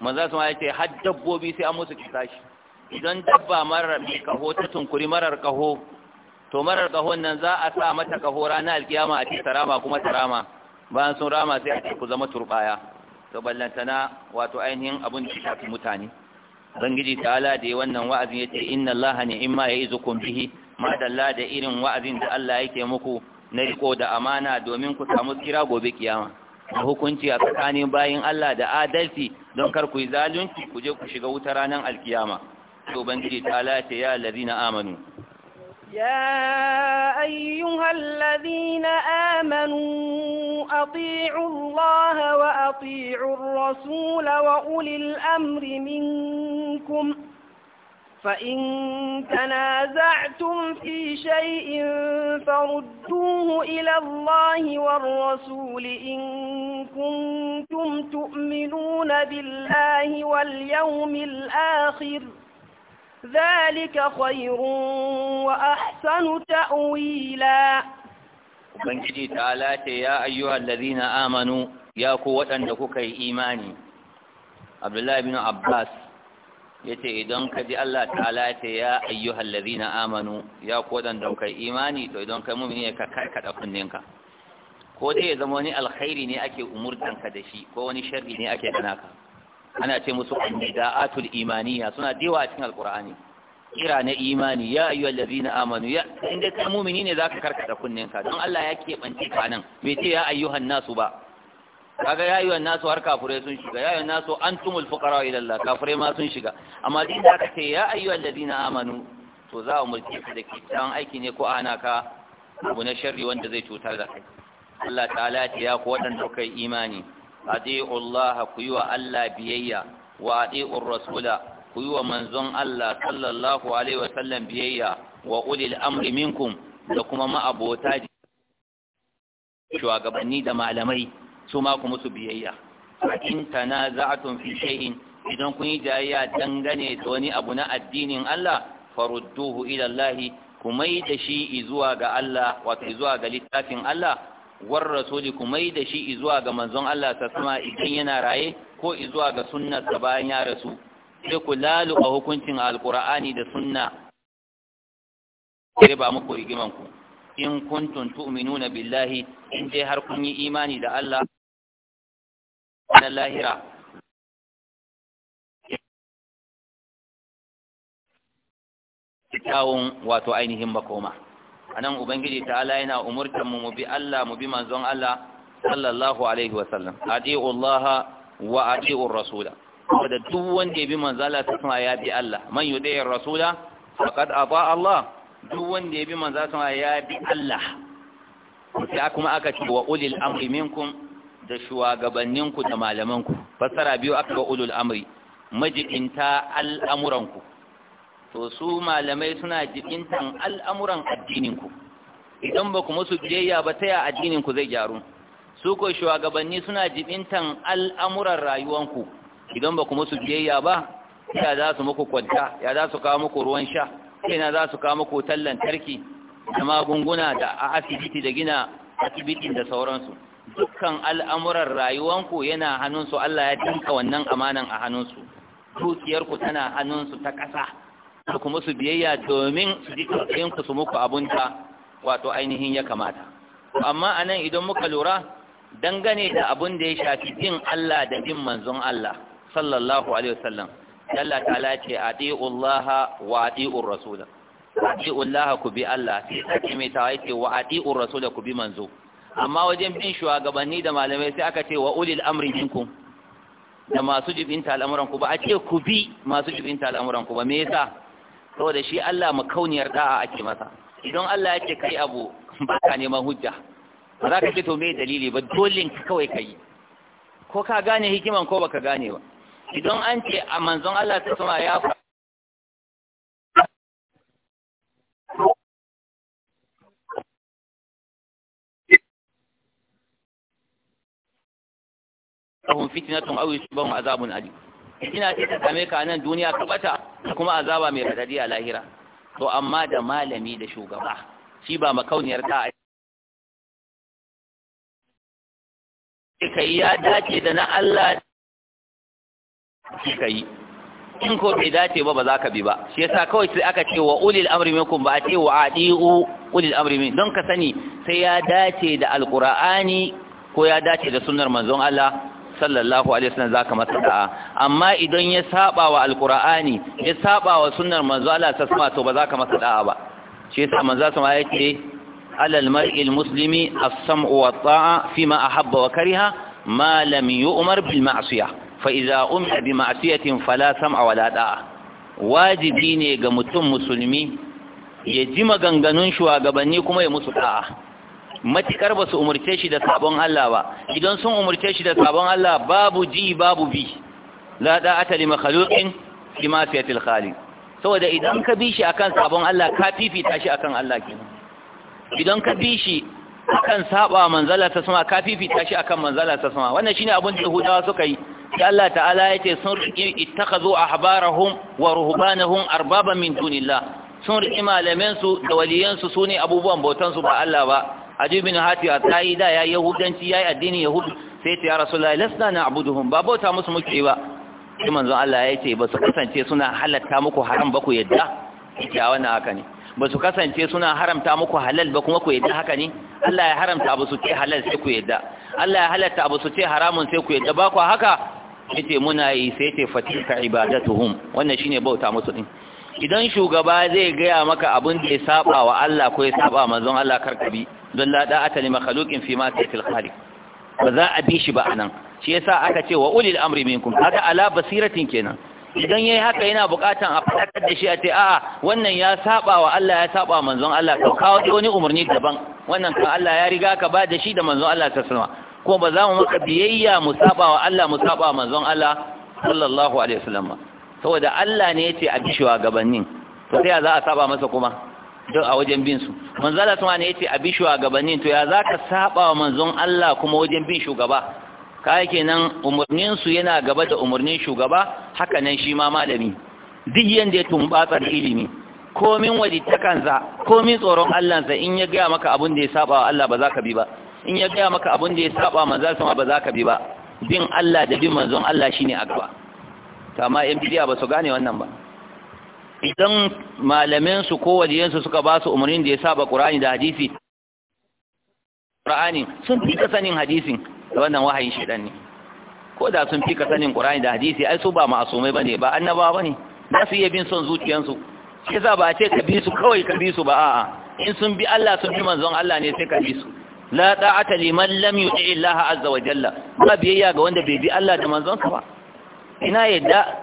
manzo su ma yace har dabbobi sai an musu kisashi idan dabba marar mai kaho ta tunkuri marar kaho to marar kahon nan za a sa mata kaho ranar alkiyama a ce tarama kuma tarama bayan sun rama sai a ce ku zama turbaya to ballantana wato ainihin abun da shafi mutane ta ala da wannan wa'azin ya yace inna ya yi ya'izukum bihi ma dalla da irin wa'azin da Allah yake muku na riko da amana domin ku samu tsira gobe kiyama da hukunci a tsakanin bayin Allah da adalci don kar ku yi zalunci ku je ku shiga wuta ranar alkiyama to ubangiji ta'ala ta ya na amanu يا أيها الذين آمنوا أطيعوا الله وأطيعوا الرسول وأولي الأمر منكم فإن تنازعتم في شيء فردوه إلى الله والرسول إن كنتم تؤمنون بالله واليوم الآخر ۖ ذلك خير وأحسن تأويلا Ubangiji ta'ala ce ya ayyuhal ladina amanu ya ku waɗanda kuka yi imani Abdullahi bin Abbas yace idan kaji Allah ta'ala ce ya ayyuhal ladina amanu ya ku waɗanda kuka yi imani to idan kai mu'mini ka karkada kunninka ko dai ya zama wani alkhairi ne ake umurtanka da shi ko wani sharri ne ake kanaka ana ce musu atul imaniya suna dewa cikin alqur'ani kira na imani ya ayyuhal ladina amanu ya inda kai mu'mini ne zaka karkata kunninka don Allah ya ke keɓance ka nan bai ce ya ayyuhan nasu ba kaga ya ayyuhan nasu har kafure sun shiga ya ayyuhan nasu antumul fuqara ila Allah kafure ma sun shiga amma din da aka ce ya ayyuhal ladina amanu to za a mulke ka da kitan aiki ne ko ana ka abu na sharri wanda zai cutar da kai Allah ta'ala ya ce ya ku waɗanda kai imani adi'u Allah ku yi wa Allah biyayya wa adi'u rasula ku yi wa manzon Allah sallallahu alaihi wa sallam biyayya wa ulil amri minkum da kuma ma'abota shugabanni da malamai su ma ku musu biyayya in tanaza'tum fi shay'in idan kun yi jayayya dangane da wani abu na addinin Allah farudduhu ila Allah ku mai da shi zuwa ga Allah wato zuwa ga littafin Allah war rasuli kuma yi da shi izuwa ga manzon Allah ta sama idan yana raye ko izuwa ga sa bayan ya rasu sai ku laluka hukuncin alkur'ani da sunna sai ba muku rigimanku in kuntum tu'minuna billahi in dai har kun yi imani da Allah na lahira kyawun wato ainihin makoma anan ubangiji ta'ala yana umurtan mu mu bi Allah mu bi manzon Allah sallallahu alaihi wa sallam adi'u Allah wa adi'u rasula da duk wanda ya bi manzon Allah sai ya bi Allah man yudi'ir rasula faqad ata Allah duk wanda ya bi manzon Allah ya bi Allah sai kuma aka ce wa ulil amri minkum da shugabanninku da malamanku fassara biyu aka ga ulul amri majidinta al'amuranku to su malamai suna jibintan al'amuran addininku idan ba ku musu biyayya ba ta ya addininku zai gyaru su ko shugabanni suna jibintan al'amuran rayuwanku idan ba ku musu biyayya ba ya za su muku kwanta ya za su kawo muku ruwan sha yana za su kawo muku tallan tarki da magunguna da a asibiti da gina asibitin da sauransu dukkan al'amuran rayuwanku yana hannunsu Allah ya tinka wannan amanan a hannunsu dukiyarku tana hannunsu ta ƙasa da kuma su biyayya domin su ji tausayin ku su muku abunta wato ainihin ya kamata amma a nan idan muka lura dangane da abun da ya shafi bin Allah da bin manzon Allah sallallahu alaihi wasallam Allah ta'ala ce ati'u Allah wa ati'ur rasul ati'u Allah ku bi Allah sai take mai tawaye ce wa ati'ur rasul ku bi manzo amma wajen bin shugabanni da malamai sai aka ce wa ulil amri minkum da masu jibinta al'amuran ku ba a ce ku bi masu jibinta al'amuran ku ba me yasa saboda shi Allah makauniyar da'a ake masa idan Allah yake kai abu ba ka neman hujja ba za ka fito mai dalili ba dole ka kawai ka yi ko ka gane hikiman ko baka gane ba idan an ce a manzon Allah ta sama ya fa lahum fitnatun su yusibahum azabun alim ina ce ta same ka nan duniya ka bata kuma azaba mai radadi a lahira to amma da malami da shugaba shi ba makauniyar ta kai ya dace da na Allah shi kai in ko bai dace ba ba za ka bi ba shi yasa kawai sai aka ce wa ulil amri minkum ba a ce wa adiu ulil amri min don ka sani sai ya dace da alqur'ani ko ya dace da sunnar manzon Allah sallallahu alaihi wasallam zaka masa da'a amma idan ya saba wa alqur'ani ya saba wa sunnar manzo Allah ta sama to ba zaka masa da'a ba shi yasa manzo sama yake alal mar'il muslimi as-sam'u wa ta'a fima ahabba wa kariha ma lam yu'mar bil ma'siyah fa idza umira bi ma'siyatin fala sam'a wa la da'a wajibi ne ga mutum musulmi ya ji maganganun shugabanni kuma ya musu da'a matikar ba su umarce shi da sabon Allah ba idan sun umarce shi da sabon Allah babu ji babu bi la ata li makhluqin fi ma'siyatil khaliq saboda idan ka bi shi akan sabon Allah ka fifita shi akan Allah kenan idan ka bi shi akan saba manzala ta sama ka fifita shi akan manzala ta sama wannan shine abin da Yahudawa suka yi sai Allah ta'ala yace sun ittakhazu ahbarahum wa ruhbanahum arbaban min dunillah sun riƙi malamansu da waliyansu su ne abubuwan bautansu ba Allah ba Ajibin bin hati a tsayi da ya yi yahudanci ya yi addinin yahudu sai ta ya rasulullahi lasna na abuduhum ba bauta musu muke ba shi manzon Allah ya ce ba su kasance suna halatta muku haram ba ku yadda ya wannan haka ne ba su kasance suna haramta muku halal ba kuma ku yadda haka ne Allah ya haramta abu su ce halal sai ku yadda Allah ya halatta abu su ce haramun sai ku yadda ba ku haka yace muna yi sai ta fatilka ibadatuhum wannan shine bauta musu din idan shugaba zai gaya maka abin da ya saba wa Allah ko ya saba manzon Allah karkabi don la da'ata li makhluqin fi ma ta'til khaliq ba za a bi shi ba anan shi yasa aka ce wa ulil amri minkum haka ala basiratin kenan idan yayi haka yana bukatan a fadakar da shi a ce a'a wannan ya saba wa Allah ya saba manzon Allah to kawo wani umarni daban wannan kan Allah ya riga ka ba da shi da manzon Allah ta sallama ko ba za mu maka biyayya mu saba wa Allah mu saba manzon Allah sallallahu alaihi wasallam saboda Allah ne yace a bi shugabannin to sai za a saba masa kuma don a wajen bin su manzo Allah kuma ne yace a bi shugabannin to ya zaka saba wa manzon Allah kuma wajen bin shugaba kai kenan umurnin su yana gaba da umurnin shugaba haka nan shi ma malami duk yanda ya tumbatsa ilimi komin wadittakansa komin tsoron Allahnsa in ya gaya maka abin da ya saba wa Allah ba za ka bi ba in ya gaya maka abin da ya saba manzo Allah ba za ka bi ba bin Allah da bin manzon Allah shine a gaba amma yan bidiya ba su gane wannan ba idan malamin su ko wajiyansu suka ba su umarnin da ya saba qur'ani da hadisi qur'ani sun fi sanin hadisin da wannan wahayin shedan ne ko da sun fi sanin qur'ani da hadisi ai su ba ma'asumai bane ba ba bane za su iya bin son zuciyansu shi za ba a ce ka bi su kawai ka bi su ba a'a in sun bi Allah sun bi manzon Allah ne sai ka bi su la ta'ata liman lam yuti illaha azza wa jalla ba biyayya ga wanda bai bi Allah da manzon sa ba ina yadda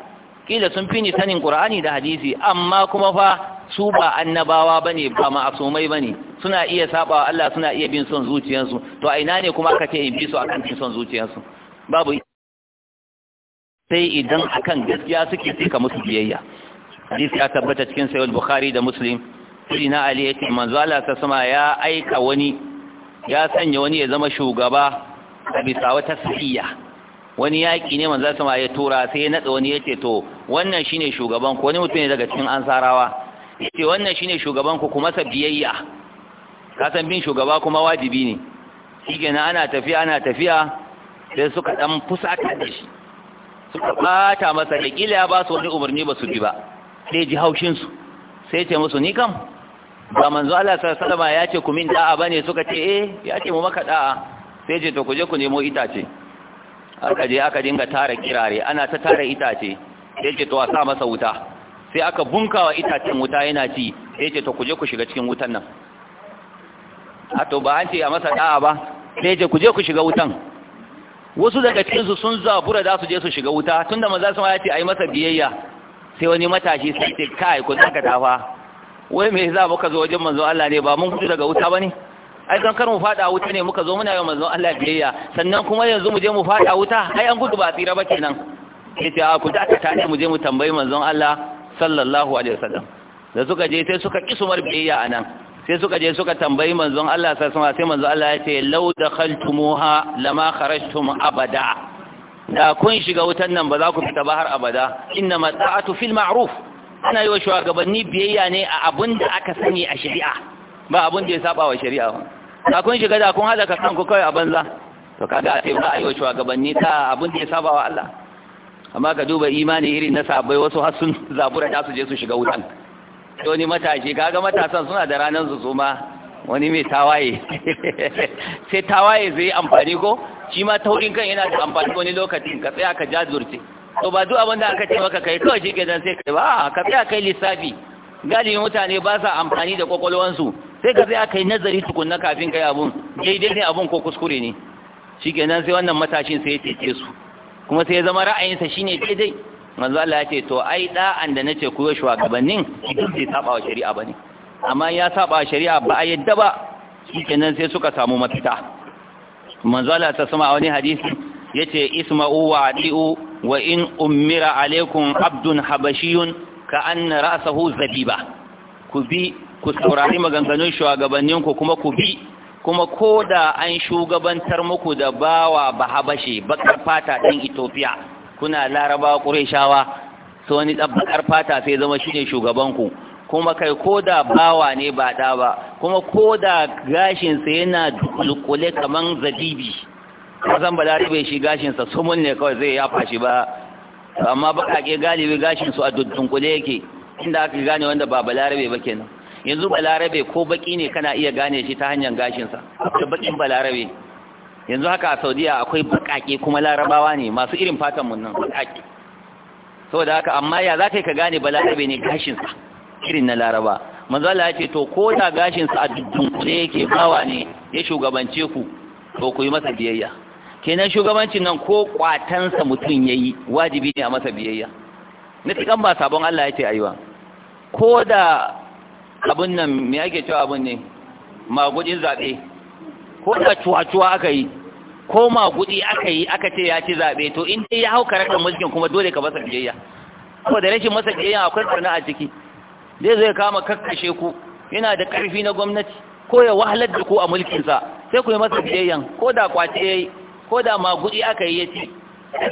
kila sun fi ni sanin qur'ani da hadisi amma kuma fa su ba annabawa bane ba ma'asumai bane suna iya sabawa Allah suna iya bin son zuciyarsu to a ina ne kuma aka ce in bi su akan son zuciyarsu babu sai idan akan gaskiya suke ka musu biyayya hadisi ya tabbata cikin sayyid bukhari da muslim sirina ali yace manzo Allah ta sama ya aika wani ya sanya wani ya zama shugaba a bisa wata sahiya wani yaƙi ne manzo sama ya tura sai ya natsa wani yace to wannan shine shugaban ku wani mutum ne daga cikin ansarawa yace wannan shine shugaban ku kuma sa biyayya ka san bin shugaba kuma wajibi ne shikenan ana tafiya ana tafiya sai suka dan fusata da shi suka bata masa da kila ba su wani umarni ba su bi ba sai ji haushin su sai ce musu ni kam ba manzo Allah sallallahu alaihi wasallam ya ce ku min da'a bane suka ce eh ya ce mu maka da'a sai ce to ku je ku nemo itace aka je aka dinga tara kirare ana ta tara itace yake to a sa masa wuta sai aka bunkawa itacen wuta yana ci yake to ku je ku shiga cikin wutan nan a to ba an ce a masa da'a ba sai ce ku je ku shiga wutan wasu daga cikinsu sun zabura za su je su shiga wuta tunda maza su ya ce a yi masa biyayya sai wani matashi sai ce kai ku zaka tafa wai me za ka zo wajen manzo Allah ne ba mun kudu daga wuta bane ai don kar mu fada wuta ne muka zo muna yi manzon Allah biyayya sannan kuma yanzu mu je mu fada wuta ai an gudu ba tsira ba kenan yace a ku da ta ne mu je mu tambayi manzon Allah sallallahu alaihi wasallam da suka je sai suka kisumar biyayya anan sai suka je suka tambayi manzon Allah sallallahu alaihi wasallam sai manzon Allah ya ce law dakhaltumuha lama kharajtum abada da kun shiga wutan nan ba za ku fita ba har abada inna mata'atu fil ma'ruf ana yi wa shugabanni biyayya ne a abun da aka sani a shari'a ba abun da ya saba wa shari'a ba Ka kun shiga da kun ka kanku kawai a banza to kaga a ce a yi wa shugabanni ta abin da ya saba wa Allah amma ka duba imani irin na sabai wasu har sun zabura da su je su shiga wutan to ni matashi kaga matasan suna da ranar su su ma wani mai tawaye sai tawaye zai amfani ko shi ma taurin kan yana da amfani wani lokacin ka tsaya ka jazurce to ba duk abin da aka ce maka kai kawai shi ke dan sai kai ba ka tsaya kai lissafi galibin mutane ba sa amfani da kwakwalwansu sai ka sai aka yi nazari tukunna kafin kai abun daidai ne abun ko kuskure ne nan sai wannan matashin sai ya cece su kuma sai ya zama ra'ayinsa shi ne daidai manzo Allah ya ce to ai da'an da nace ku shugabannin idan sai saba wa shari'a bane amma ya saba shari'a ba a yadda ba nan sai suka samu mafita manzo Allah ta sama a wani hadisi yace isma'u wa adi'u wa in umira alaikum abdun habashiyun ka anna ra'sahu zabiba ku bi ku saurari maganganun shugabannin ku kuma ku bi kuma ko da an shugabantar muku da bawa ba bakar fata din Ethiopia kuna laraba Qurayshawa su wani bakar fata sai zama shine shugabanku kuma kai ko da bawa ne ba da ba kuma ko da gashinsa yana dukulukule kaman zabibi zan ba larabe shi gashinsa sumun ne kawai zai yafa shi ba amma ke galibi gashinsu a dukulukule yake inda aka gane wanda ba balarabe ba kenan yanzu balarabe ko baki ne kana iya gane shi ta hanyar gashinsa da bakin balarabe yanzu haka a saudiya akwai bakake kuma larabawa ne masu irin fatanmu nan bakake saboda haka amma ya za ka yi ka gane balarabe ne gashinsa irin na laraba manzala ya ce to ko da gashinsa a ne yake bawa ne ya shugabance ku to ku yi masa biyayya kenan shugabancin nan ko kwatansa mutum ya yi wajibi ne a masa biyayya na tikan ba sabon allah ya ce ayi ko da abin nan me ake cewa abin ne magudin zaɓe ko da cuwa-cuwa aka yi ko magudi aka yi aka ce ya ci zaɓe to in dai ya hau karakar mulkin kuma dole ka masa biyayya da rashin masa biyayya akwai tsarna a ciki zai zai kama kakkashe ku yana da ƙarfi na gwamnati ko ya wahalar da ku a mulkinsa sai ku yi masa biyayyan ko da kwace ya yi ko da magudi aka yi ya ci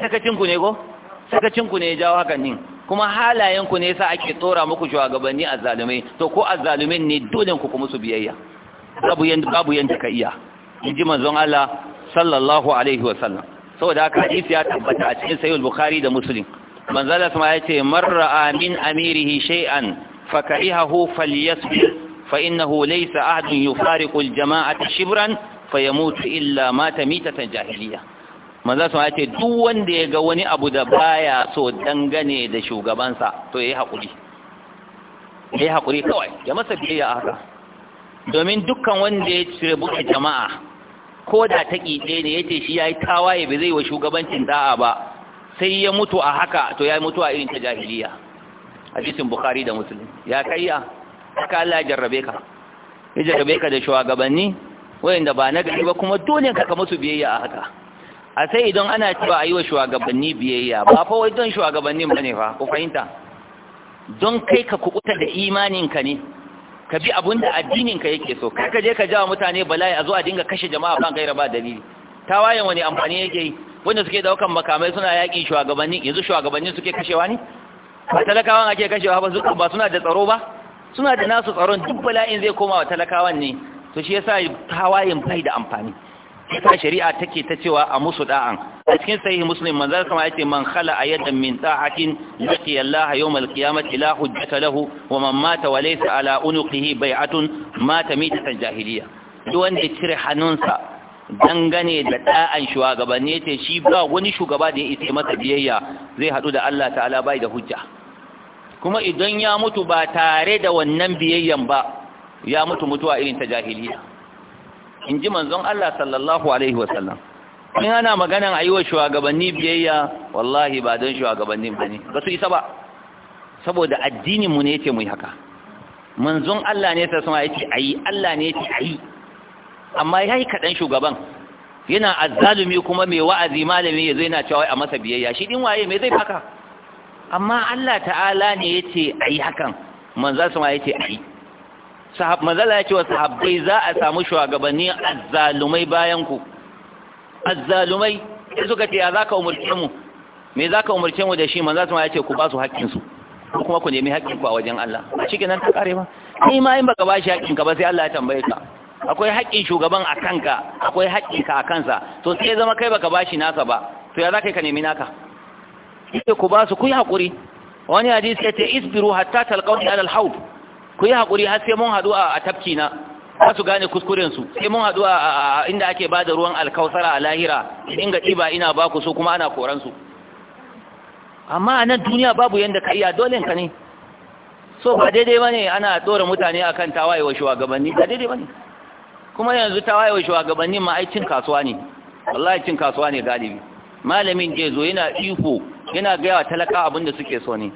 sakacinku ne ko sakacinku ne ya jawo hakan ne kuma halayenku ne yasa ake tsora muku shugabanni azzalumai to ko azzalumin ne dole ku kuma su biyayya babu yanda babu yanda ka iya inji manzon Allah sallallahu alaihi wasallam saboda haka hadisi ya tabbata a cikin sahih bukhari da muslim manzon Allah yace marra amin amirihi shay'an fakarihahu falyasbir fa innahu laysa ahadun yufariqu aljama'ata shibran fayamutu illa mata mitatan jahiliya manzo sun ce duk wanda ya ga wani abu da baya so dangane da shugabansa to yayi hakuri yayi hakuri kawai ya masa biyayya haka domin dukkan wanda ya cire buƙe jama'a ko da ta ƙiɗe ne yace shi yayi tawaye bai zai wa shugabancin da'a ba sai ya mutu a haka to yayi a irin ta jahiliya hadisin bukhari da muslim ya kayya haka Allah ya jarrabe ka ya jarrabe ka da shugabanni wayanda ba na gari ba kuma dole ka ka musu biyayya a haka a sai idan ana cewa a yi wa shugabanni biyayya ba fa wai don shugabannin ba ne fa ku fahimta don kai ka kukuta da imaninka ne ka bi abin da addininka yake so kar ka je ka jawa mutane bala'i a zo a dinga kashe jama'a ban gaira ba dalili tawayen wani amfani yake yi wanda suke daukan makamai suna yaƙi shugabanni yanzu shugabanni suke kashewa ne ba talakawan ake kashewa ba su ba suna da tsaro ba suna da nasu tsaron duk bala'in zai koma wa talakawan ne to shi yasa tawayen bai da amfani ita shari'a take ta cewa a musu da'an a cikin sahihi muslim manzal kama yace man khala ayatan min ta'atin laki Allah yawm al-qiyamati la hujjata lahu wa man mata wa laysa ala unuqihi bai'atun mata mitatan jahiliya duk wanda cire hannunsa dangane da ɗa'an shugabanni yace shi ba wani shugaba da ya isa masa biyayya zai haɗu da Allah ta'ala bai da hujja kuma idan ya mutu ba tare da wannan biyayyan ba ya mutu mutuwa irin ta jahiliya in ji manzon Allah sallallahu alaihi wasallam in ana maganan a yi wa shugabanni biyayya wallahi ba don shugabannin ba ne ba su isa ba saboda mu ne ce mu yi haka manzon Allah ne ta suna ya ce a yi Allah ne ya ce a yi amma ya yi kaɗan shugaban yana azzalumi kuma mai wa'azi malami ya zai na cewa a masa biyayya shi din waye mai zai faka amma Allah ta'ala ne ya ce a yi hakan manzon sama ya ce a yi mazala ya ce wa sahabbai za a samu shugabanni azzalumai bayan ku azzalumai sai suka ce ya za ka umarce mu me za ka umarce mu da shi manza su ma ya ce ku ba su haƙƙinsu ko kuma ku nemi haƙƙinku a wajen Allah a cikin nan ta ƙare ba ni ma in baka ba shi haƙƙinka ba sai Allah ya tambaye ka akwai haƙƙin shugaban a kanka akwai haƙƙinka a kansa to sai zama kai baka ba shi nasa ba to ya za ka ka nemi naka sai ku ba su ku yi haƙuri wani hadisi ya ce isbiru hatta talqawni alal haud ku yi haƙuri har sai mun haɗu a tafki na ba su gane kuskurensu sai mun haɗu a inda ake ba da ruwan alkausara a lahira in ga ɗiba ina ba ku so kuma ana koransu amma a nan duniya babu yadda ka iya dole ka ne so ba daidai ba ne ana ɗora mutane a kan tawayewa shugabanni ba daidai ba ne kuma yanzu tawayewa shugabanni ma ai cin kasuwa ne wallahi cin kasuwa ne galibi malamin je zo yana ihu yana gaya wa talaka abin da suke so ne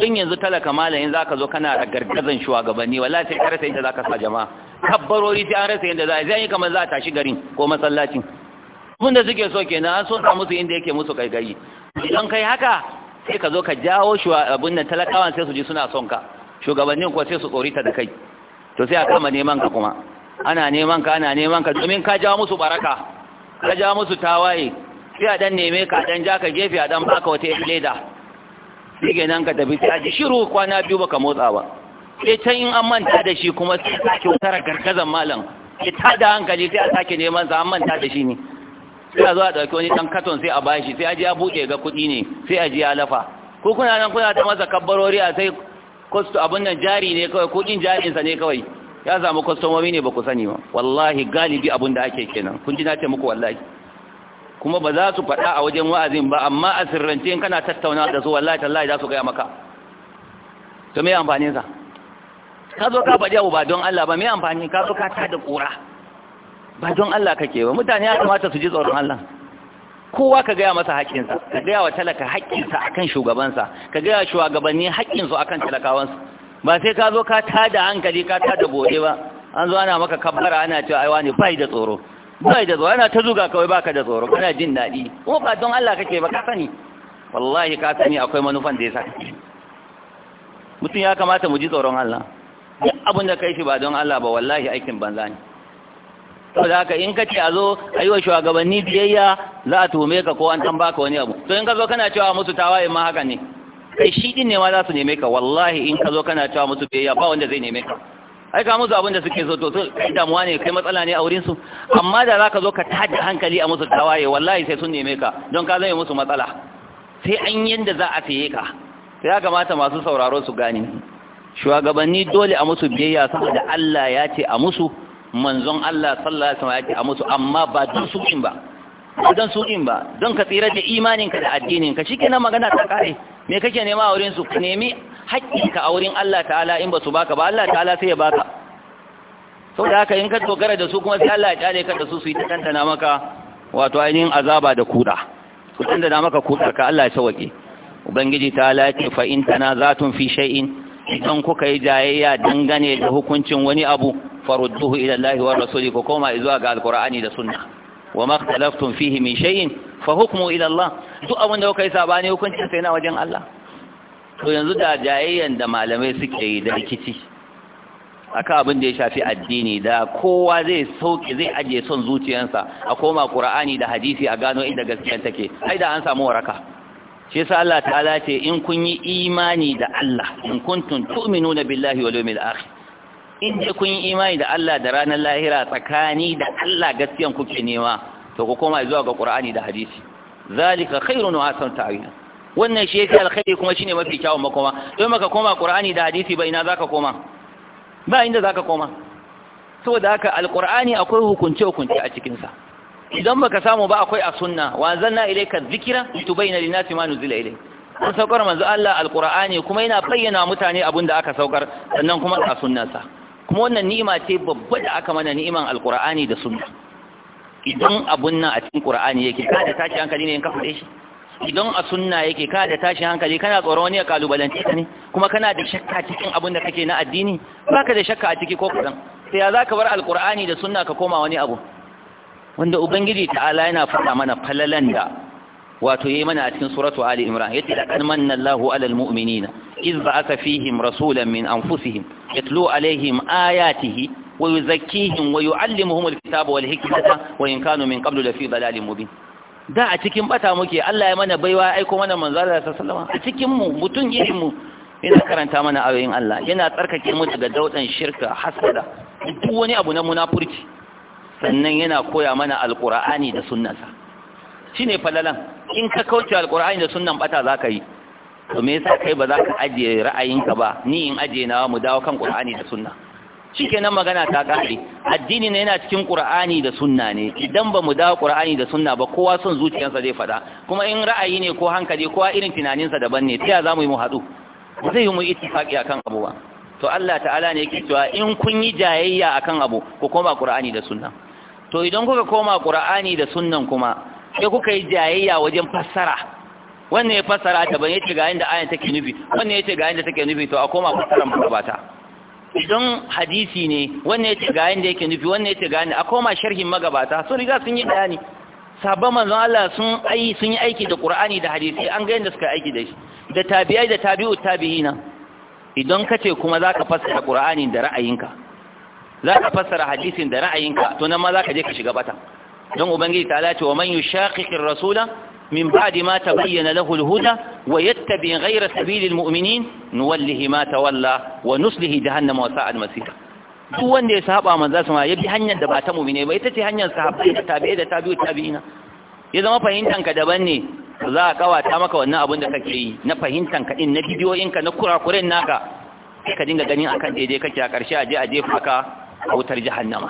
in yanzu talaka za zaka zo kana gargazan shugabanni wallahi sai da za zaka sa jama'a kabbarori sai an rasa inda za a yi kamar za a tashi garin ko masallacin abin da suke so kenan an so ta musu inda yake musu kaikayi idan kai haka sai ka zo ka jawo abin nan talakawan sai su ji suna son ka shugabannin kuwa sai su tsorita da kai to sai a kama neman ka kuma ana neman ka ana neman ka domin ka jawo musu baraka ka jawo musu tawaye sai a dan neme ka dan ja ka gefe a dan baka wata leda sai nan ka tafi sai a ji shiru kwana biyu baka motsa ba sai can in an manta da shi kuma sai sake wutar gargazan malam Sai ta da hankali sai a sake neman sa an manta da shi ne sai a zo a dauki wani ɗan katon sai a bashi sai a ji a buɗe ga kuɗi ne sai a ji ya lafa ko kuna nan kuna ta masa kabbarori a sai kosto abin nan jari ne kawai kuɗin jarinsa ne kawai ya samu kwastomomi ne ba ku sani ba wallahi galibi abin da ake kenan kun ji na ce muku wallahi kuma ba za su faɗa a wajen wa'azin ba amma a sirrance in kana tattauna da su wallahi tallahi za su gaya maka to me amfani sa ka zo ka faɗi abu ba don Allah ba me amfani ka zo ka tada kura ba don Allah kake ba mutane ya kamata su ji tsoron Allah kowa ka gaya masa haƙƙinsa ka gaya wa talaka haƙƙinsa akan shugabansa ka gaya wa shugabanni haƙƙinsu akan talakawansu ba sai ka zo ka tada hankali ka tada bode ba an zo ana maka kabbara ana cewa aiwa ne bai da tsoro ba da tsoro yana ta zuga kawai baka da tsoro kana jin daɗi kuma ba don Allah kake ba ka sani wallahi ka sani akwai manufan da ya saka mutum ya kamata mu ji tsoron Allah duk abin da kai shi ba don Allah ba wallahi aikin banza ne saboda haka in kace a zo a wa shugabanni biyayya za a tuhume ka ko an tan baka wani abu to in ka zo kana cewa musu tawaye ma haka ne kai shi din ne ma za su neme ka wallahi in ka zo kana cewa musu biyayya ba wanda zai neme ka ai ka musu abin da suke so to kai damuwa ne kai matsala ne a wurin su amma da ka zo ka tada hankali a musu tawaye wallahi sai sun neme ka don ka zame musu matsala sai an yanda za a tsaye ka sai ya kamata masu sauraro su gane shugabanni dole a musu biyayya saboda Allah ya ce a musu manzon Allah sallallahu alaihi wasallam ya ce a musu amma ba duk su ba don su ba don ka tsira da imaninka da addininka shikenan magana ta kare me kake nema a wurin su nemi haƙƙinka a wurin Allah ta'ala in ba su baka ba Allah ta'ala sai ya baka sau da haka in ka dogara da su kuma sai Allah ya ƙyale ka da su su yi ta tantana maka wato ainihin azaba da kuɗa su tantana maka kuɗa ka Allah ya sauwaƙe ubangiji ta'ala ce fa in tana zatun fi shay'in idan kuka yi jayayya dangane da hukuncin wani abu farudduhu ila Allah wa rasuli ko koma zuwa ga alqur'ani da sunna wa ma ikhtalaftum fihi min shay'in fa hukmu ila Allah duk abin da kuka yi sabani hukuncin sai na wajen Allah to yanzu da jayayyan da malamai suke yi da rikici akan abin da ya shafi addini da kowa zai sauke zai ajiye son zuciyarsa a koma qur'ani da hadisi a gano inda gaskiya take ai da an samu waraka shi yasa Allah ta'ala ce in kun yi imani da Allah in kuntum tu'minuna billahi wal yawmil akhir in je kun yi imani da Allah da ranar lahira tsakani da Allah gaskiyan kuke nema to ku koma zuwa ga qur'ani da hadisi zalika khairun wa ahsanu ta'wila wannan shi yake alkhairi kuma shine mafi kyawun makoma don maka koma qur'ani da hadisi ba ina zaka koma ba inda zaka koma saboda haka alqur'ani akwai hukunce hukunce a cikin sa idan baka samu ba akwai a sunna wa anzalna ilayka dhikra litubayyana lin-nasi ma nuzila ilayk an saukar manzo Allah alqur'ani kuma yana bayyana mutane abin da aka saukar sannan kuma a sunnarsa kuma wannan ni'ima ce babba da aka mana ni'iman alqur'ani da sunna idan abun nan a cikin qur'ani yake kada tashi hankali ne in ka fade shi idan a sunna yake ka da tashin hankali kana tsoron wani ya kalubalance ka ne kuma kana da shakka cikin abin da kake na addini ka da shakka a ciki ko kadan sai ya zaka bar Alƙur'ani da sunna ka koma wani abu wanda ubangiji ta'ala yana faɗa mana falalan da wato yayi mana a cikin suratu ali imran yace laqad manna Allahu 'alal mu'minina iz ba'atha fihim rasulan min anfusihim yatlu alaihim ayatihi wa yuzakkihim wa yu'allimuhum alkitaba wal hikmata wa in kanu min qablu lafi dhalalin mubin da a cikin bata muke Allah ya mana baiwa aiko mana manzo Allah sallallahu a cikin mu mutun ya mu yana karanta mana ayoyin Allah yana tsarkake mu daga daudan shirka hasada duk wani abu na munafurci sannan yana koya mana alqur'ani da sunnarsa shine falalan in ka kauce alqur'ani da sunnan bata zaka yi to me yasa kai ba za ka ajiye ra'ayinka ba ni in ajiye nawa mu dawo kan qur'ani da sunna shikenan magana ta kare addini ne yana cikin qur'ani da sunna ne idan ba mu da qur'ani da sunna ba kowa son zuciyarsa zai fada kuma in ra'ayi ne ko hankali kowa irin tunaninsa daban ne ta za mu yi mu hadu. ba zai yi mu ittifaqi akan abu ba to Allah ta'ala ne yake cewa in kun yi jayayya akan abu ku koma qur'ani da sunna to idan kuka koma qur'ani da sunnan kuma sai kuka yi jayayya wajen fassara wannan ya fassara ta ban yace ga inda ayan take nufi wannan yace ga inda take nufi to a koma fassaran ba ta idan hadisi ne wannan yace ga yanda yake nufi wannan yace ga yanda a ma sharhin magabata sun riga sun yi bayani sabon manzon Allah sun ai sun yi aiki da Qur'ani da hadisi an ga yanda suka aiki da shi da tabi'ai da tabi'u tabi'ina idan kace kuma zaka fassara Qur'ani da ra'ayinka zaka fassara hadisin da ra'ayinka to nan ma zaka je ka shiga bata don ubangiji ta ce wa man yushaqiqir rasula من بعد ما تبين له الهدى ويتبع غير سبيل المؤمنين نوله ما تولى ونسله جهنم وساء المسيح duk wanda ya saba manzo sama ya bi hanyar da ba ta mu'mine ba ita ce hanyar sahabbai da tabi'i da ya zama fahimtanka daban ne za a kawata maka wannan abin da kake yi na fahimtanka din na bidiyoyinka na kurakuren naka ka dinga ganin akan daidai kake a ƙarshe aje-aje, faka wutar jahannama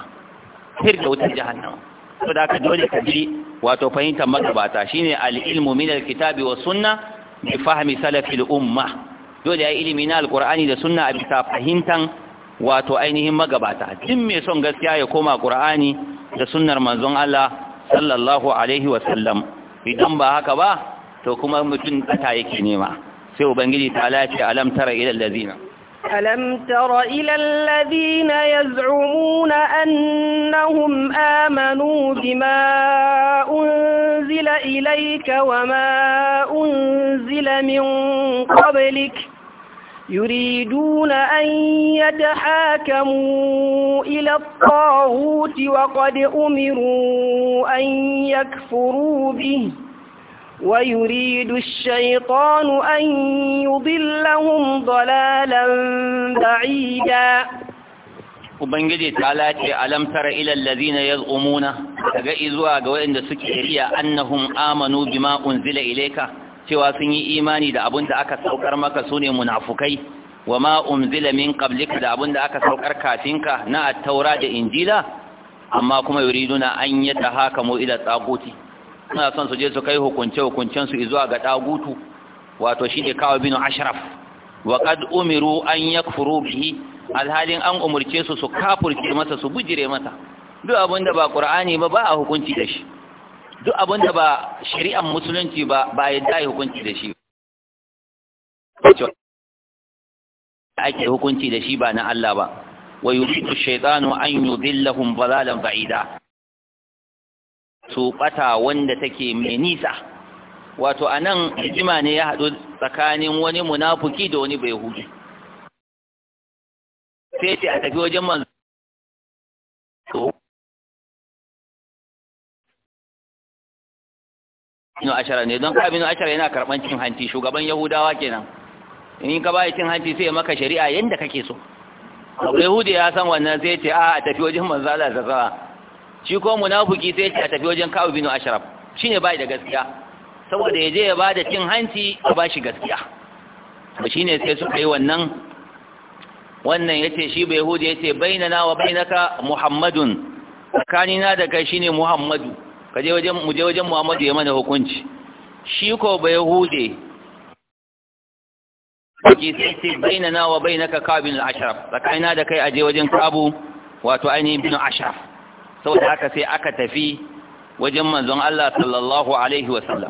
fir wutar jahannama to da ka dole ka bi wato fahimtar magabata shine al-ilmu min al-kitabi wa sunna bi fahmi salafil umma dole ya ilimi na al-qur'ani da sunna a bisa fahimtan wato ainihin magabata duk mai son gaskiya ya koma qur'ani da sunnar manzon Allah sallallahu alaihi wa sallam idan ba haka ba to kuma mutum kata yake nema sai ubangiji ta lafi alam tara ila allazina ألم تر إلى الذين يزعمون أنهم آمنوا بما أنزل إليك وما أنزل من قبلك يريدون أن يتحاكموا إلى الطاغوت وقد أمروا أن يكفروا به ويريد الشيطان أن يضلهم ضلالا بعيدا Ubangiji ta lace alamtar ilal na yaz'umuna daga izuwa ga waɗanda suke riya annahum amanu bima unzila ilayka cewa sun yi imani da abin da aka saukar maka sune munafukai wama unzila min qablika da abin da aka saukar kafinka na at-taura da injila amma kuma yuriduna an haka ila Sakoti. suna son su je su kai hukunce hukuncen su zuwa ga dagutu wato shi ne kawo binu ashraf wa kad umiru an yakfuru bihi alhalin an umurce su su kafurce masa su bujire masa duk abinda ba qur'ani ba ba a hukunci da shi duk abinda ba shari'ar musulunci ba ba ya ya hukunci da shi ake hukunci da shi ba na Allah ba wa yuridu shaytanu an yudillahum dalalan ba'ida su wanda take mai nisa wato anan jima ne ya haɗu tsakanin wani munafuki da wani bai hudu sai ce a tafi wajen manzo Ibn Ashara ne don kaminu Ibn Ashara yana karɓar cin hanti shugaban Yahudawa kenan in ka bai cin hanti sai maka shari'a yadda kake so Abu Yahudi ya san wannan sai ce a tafi wajen manzo Allah sallallahu shi ko munafiki sai ya tafi wajen kawo binu ashraf shine bai da gaskiya saboda ya je ya bada cin hanci a bashi gaskiya to shine sai suka yi wannan wannan yace shi bai yahudi yace bainana wa bainaka muhammadun tsakanina da kai shine muhammadu kaje wajen mu je wajen muhammadu ya mana hukunci shi ko bai yahudi ki sai ce bainana wa bainaka kabin al-ashraf tsakanina da kai aje wajen kabu wato ainihin bin ashraf saboda haka sai aka tafi wajen manzon Allah sallallahu alaihi wasallam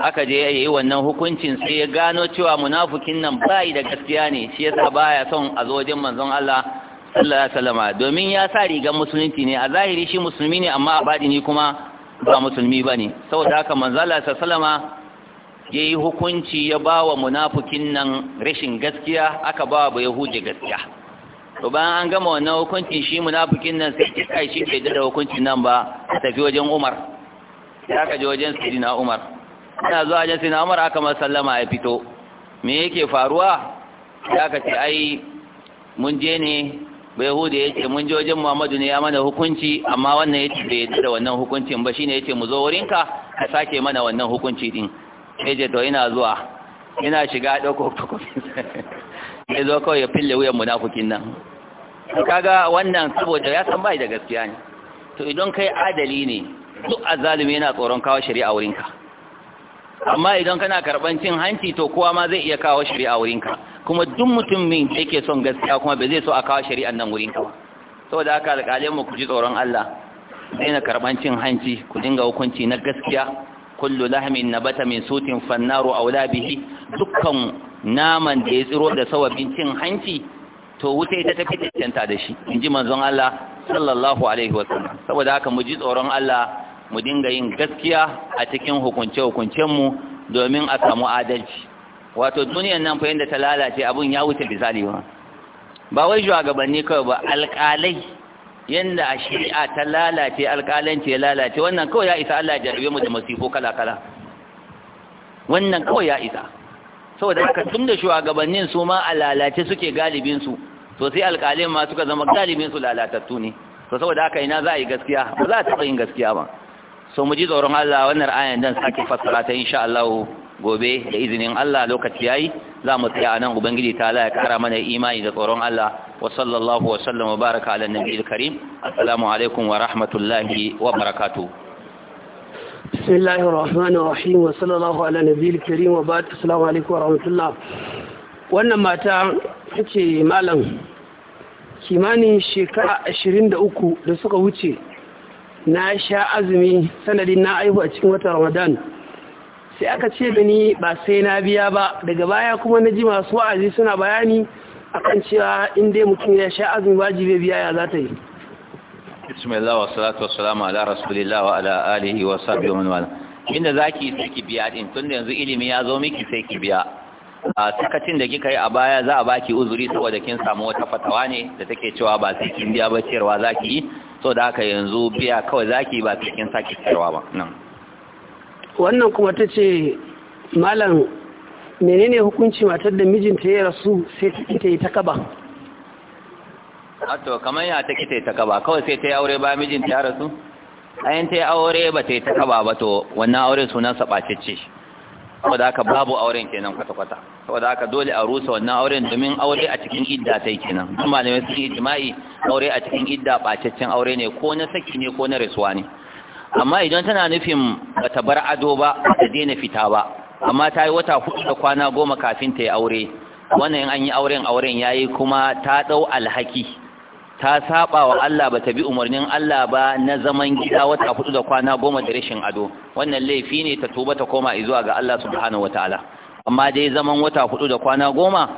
aka je yayi wannan hukuncin sai ya gano cewa munafikin nan bai da gaskiya ne shi yasa baya son a zo wajen manzon Allah sallallahu alaihi wasallam domin ya sa rigar musulunci ne a zahiri shi musulmi ne amma a ni kuma ba musulmi bane saboda haka manzon Allah sallallahu alaihi wasallama ya yi hukunci ya ba wa munafukin nan rashin gaskiya aka ba wa yahudi gaskiya to bayan an gama wannan hukuncin shi munafikin nan sai kika shi bai da hukuncin nan ba a tafi wajen Umar Ya aka je wajen Sayyidina Umar ina zuwa wajen Sayyidina Umar aka ma sallama ya fito me yake faruwa ya aka ce ai mun je ne bai hude ce mun je wajen Muhammadu ne ya mana hukunci amma wannan ce bai yadda da wannan hukuncin ba shine ya ce mu zo wurinka ka sake mana wannan hukunci din Ya je to ina zuwa ina shiga ɗauko hukuncin ya zo kawai ya fille wuyan munafukin nan kaga wannan saboda ya san bai da gaskiya ne to idan kai adali ne duk azalimi yana tsoron kawo shari'a wurinka amma idan kana karban cin hanci to kowa ma zai iya kawo shari'a wurinka kuma duk mutumin da yake son gaskiya kuma bai zai so a kawo shari'an nan wurinka ba saboda haka alƙalai mu ku ji tsoron Allah daina karban cin hanci ku dinga hukunci na gaskiya kullu lahmin nabata min sutin fannaru aula bihi dukkan naman da ya tsiro da sawabin cin hanci to wuta ita tafi tantanta da shi inji manzon Allah sallallahu alaihi wasallam saboda haka mu ji tsoron Allah mu dinga yin gaskiya a cikin hukunce hukuncen mu domin a samu adalci wato duniyar nan fa yanda ta lalace abun ya wuce misali ba ba wai shugabanni kawai ba alƙalai yanda a shari'a ta lalace alƙalanci ya lalace wannan kawai ya isa Allah ya jarabe mu da masifo kala-kala wannan kawai ya isa saboda haka tun da shugabannin su ma a lalace suke galibin su to sai alƙalin ma suka zama galibin su lalatattu ne to saboda haka ina za a yi gaskiya ba za a taɓa yin gaskiya ba so mu ji tsoron Allah wannan ayan dan sake fassara ta insha Allah gobe da izinin Allah lokaci yayi za mu tsaya nan ubangiji ta Allah ya kara mana imani da tsoron Allah wa sallallahu wa sallam wa baraka ala nabiyil karim assalamu alaikum wa rahmatullahi wa barakatuh بسم الله الرحمن الرحيم وصلى الله على نبي الكريم وبعد السلام عليكم ورحمة الله wannan mata ce malam kimanin shekara ashirin da uku da suka wuce na sha azumi sanadin na aihu a cikin watan ramadan sai aka ce da ni ba sai na biya ba daga baya kuma na ji masu wa'azi suna bayani a kan cewa in mutum ya sha azumi wajibi biya ya za ta yi bismillah wa salatu wa salamu ala rasulillah wa ala alihi wa sahbihi wa man wala inda zaki sai ki biya din tunda yanzu ilimi ya zo miki sai ki biya a sakacin da kika yi a baya za a baki uzuri saboda kin samu wata fatawa ne da take cewa ba sai kin biya ba ciyarwa zaki yi so da haka yanzu biya kawai zaki ba sai kin saki ciyarwa ba nan wannan kuma ta ce malam menene hukunci matar da mijinta ya rasu sai ta yi ta kaba to kamar ya ta kita ta kaba kawai sai ta yi aure ba mijinta ya rasu ayin ta yi aure ba ta yi ta kaba ba to wannan aure sunan sabacicce saboda aka babu auren kenan kwata-kwata saboda aka dole a rusa wannan auren domin aure a cikin idda ta yi kenan kuma da mai sun yi jima'i aure a cikin idda bacaccen aure ne ko na saki ne ko na rasuwa ne amma idan tana nufin bata bar ado ba ta daina fita ba amma ta yi wata hudu da kwana goma kafin ta yi aure wannan an yi auren auren yi kuma ta ɗau alhaki ta saba wa Allah ba ta bi umarnin Allah ba na zaman gida wata hudu da kwana goma da rashin ado wannan laifi ne ta tuba ta koma izuwa ga Allah subhanahu wataala amma dai zaman wata hudu da kwana goma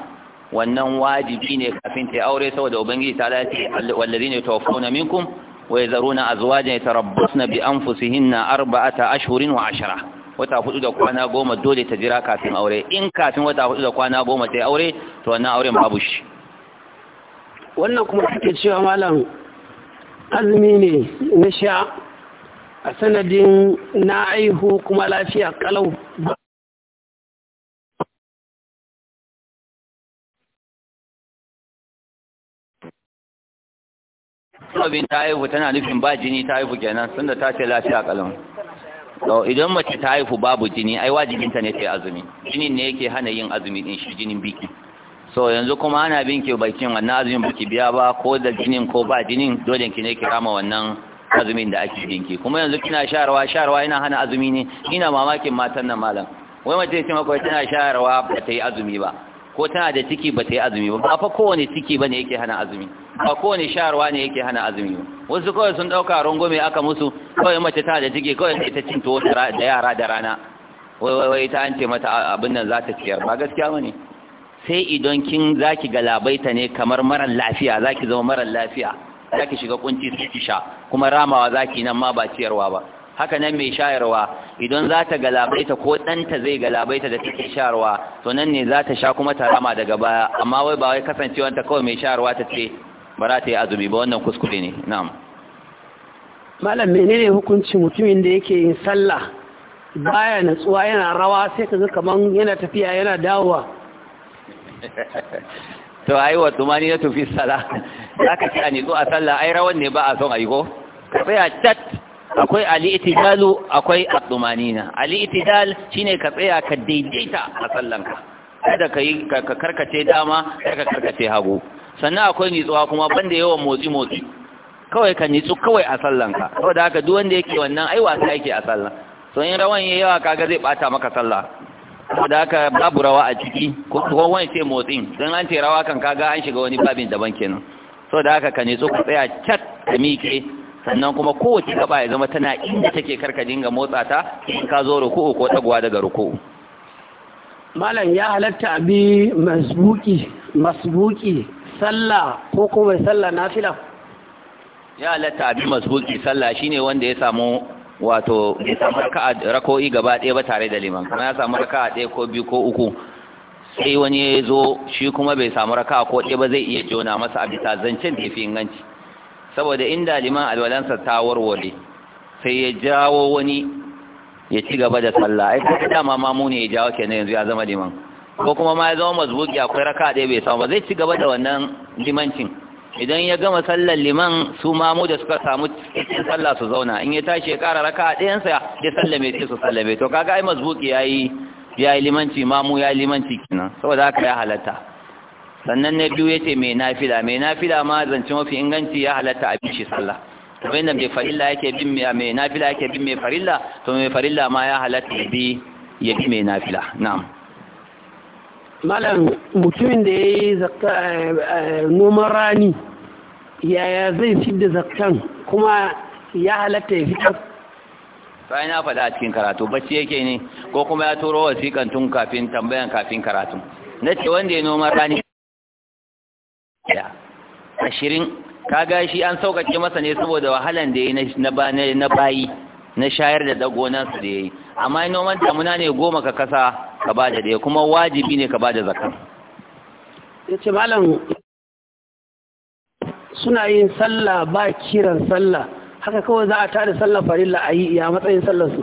wannan wajibi ne kafin ta yi aure saboda ubangiji ta lati wallazina tawaffawna minkum ويذرون أزواجا يتربصن بأنفسهن أربعة أشهر وعشرة wata hudu da kwana goma dole ta jira kafin aure in kafin wata hudu da kwana goma ta yi aure to wannan auren babu shi wannan kuma ake cewa malam azumi ne na sha a sanadin na aihu kuma lafiya kalau sabin ta haihu tana nufin ba jini ta haihu kenan sun da ta ce lafiya kalon idan mace ta haihu babu jini ai wajibinta ne ke azumi jinin ne yake hana yin azumi din shi jinin biki so yanzu kuma ana bin ki bakin wannan azumin baki biya ba ko da jinin ko ba jinin dole ki ne ki kama wannan azumin da ake jinki kuma yanzu kina sharwa sharwa yana hana azumi ne ina mamakin matan nan malam wai mace ce maka tana sharwa ba ta yi azumi ba ko tana da ciki ba ta yi azumi ba ba kowane ciki ba ne yake hana azumi ba kowane sharwa ne yake hana azumi ba wasu kawai sun ɗauka rungume aka musu kawai mace tana da ciki kawai ita cin tuwo da yara da rana wai ta an ce mata abin nan za ta ciyar ba gaskiya ba ne sai idan kin za ki galabaita ne kamar marar lafiya za ki zama marar lafiya za ki shiga kunci su ki sha kuma ramawa za ki nan ma ba ciyarwa ba haka nan mai shayarwa idan za ta galabaita ko ɗanta zai galabaita da take shayarwa to nan ne za ta sha kuma ta rama daga baya amma wai ba wai ta kawai mai shayarwa ta ce ba za ta yi azumi ba wannan kuskure ne na'am malam menene hukuncin mutumin da yake yin sallah baya natsuwa yana rawa sai ka ga kaman yana tafiya yana dawowa to ai wa tumani na tufi sala zaka ci a nitsu a sallah ai rawan ne ba a son ayi ko ka tsaya chat akwai al'itidalu akwai addumanina al'itidal shine ka tsaya ka daidaita a sallanka kada ka yi ka karkace dama kada ka karkace hagu sannan akwai nitsuwa kuma banda yawan motsi motsi kawai ka nitsu kawai a sallanka saboda haka duk wanda yake wannan ai wasa yake a sallan to in rawan yayi yawa kaga zai bata maka sallah saboda haka babu rawa a ciki ko kuma wani ce motsin dan an ce rawa kan kaga an shiga wani babin daban kenan saboda haka ka nitsu ka tsaya chat ka miƙe sannan kuma kowace gaba ya zama tana inda take karka dinga motsa ta in ka zo ruku'u ko taguwa daga ruku'u malam ya halatta abi masbuki masbuki sallah ko ko bai sallah nafila ya halatta abi masbuki sallah shine wanda ya samu wato ya samu raka'a rako'i gaba ɗaya ba tare da liman kuma ya samu raka'a ɗaya ko biyu ko uku sai wani ya zo shi kuma bai samu raka'a ko ɗaya ba zai iya jona masa abi ta zancen da ya fi inganci saboda inda liman alwalansa ta warware sai ya jawo wani ya ci gaba da sallah ai kuma dama mu ne ya jawo kenan yanzu ya zama liman ko kuma ma ya zama mazbuki akwai raka ɗaya bai samu ba zai ci gaba da wannan limancin idan ya gama sallar liman su mu da suka samu cikin sallah su zauna in ya tashi ya kara raka ɗayansa ya sallame sai su sallame to kaga ai mazbuki yayi yayi limanci mamu yayi limanci kenan saboda haka ya halatta sannan na biyu ya ce mai nafila mai nafila ma zance mafi inganci ya halatta abin shi sallah to wanda mai farilla yake bin mai nafila yake bin mai farilla to mai farilla ma ya halatta bi ya bi mai nafila na'am malam mutumin da ya yi eh, eh, noman rani yaya zai fi da zakkan kuma ya halatta ya fitar bayan na faɗa a cikin karatu bacci yake ne ko kuma ya turo wasiƙan tun kafin tambayan kafin karatu na ce wanda ya noman rani ashirin kaga shi an sauƙaƙe masa ne saboda wahalan da ya yi na bayi na shayar da dagonansu da ya yi amma noman damuna ne goma ka kasa ka ba da ɗaya kuma wajibi ne ka ba da zakar ya ce malam suna yin sallah ba kiran sallah haka kawai za a tare sallah farilla a yi ya matsayin sallarsu